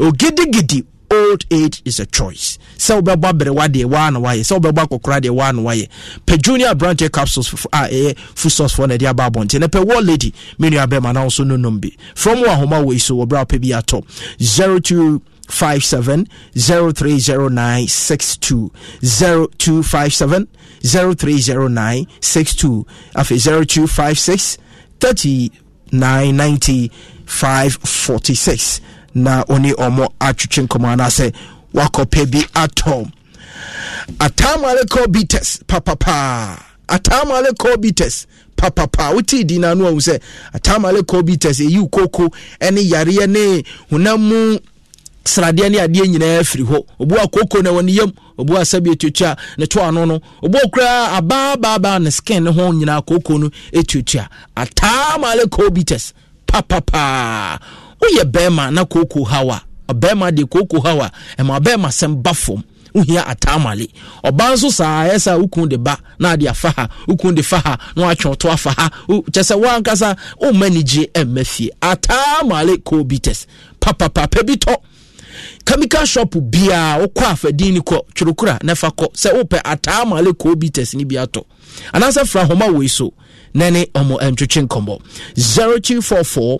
ogidigidi old age is a choice sɛ wobɛbɔ aberewa deɛ waa na wayɛ sɛ wobɛbɔ akɔkora deɛ waa na wayɛ pɛ junior brantier capsules a ɛyɛ food na ɛde aba abɔnten na pɛ wall lady me nua bɛma na nso nonom bi from wɔ ahoma wɔ yi so wɔbrɛ wopɛ bi atɔ 02 57 030962 0257 030962 afei 0256 3990 546 na ɔne ɔmo atwitwe nkɔmɔ anaasɛ wakɔpɛ bi atam ataamalekɔ bites papapaa ataamalekɔ bites papapa wotii di na ano ahu sɛ ataamalekɔ bites eyi koko ɛne yareɛ ne hunamu sradeɛ ne adeɛ nyinaa firi hɔ obu a koko na wɔn yam obu a sɛbi etuatua ne to ano no obu okura abaabaaba ne skin ne ho nyinaa koko no etuatua ataamalekɔ bites papapaa. woyɛ bɛrima na kooko hawa bɛrima deɛ kooko hawa ɛma bɛrima sɛm ba fam wohia atamale ɔba nso saa ɛyɛ sɛ wokun de ba na ade afa ha wokun de fa ha na watwe to afa ha kyɛ sɛ woankasa womma nigye mma fie atamale kobites papapapa bi tɔ chemical shop biara wokɔ afadin ni kɔ twerɛkura na fa kɔ sɛ wopɛ atamale kobites ne bi atɔ anaasɛ fra homa wei so na ne ɔmo ntwetwe nkɔmmɔ 0244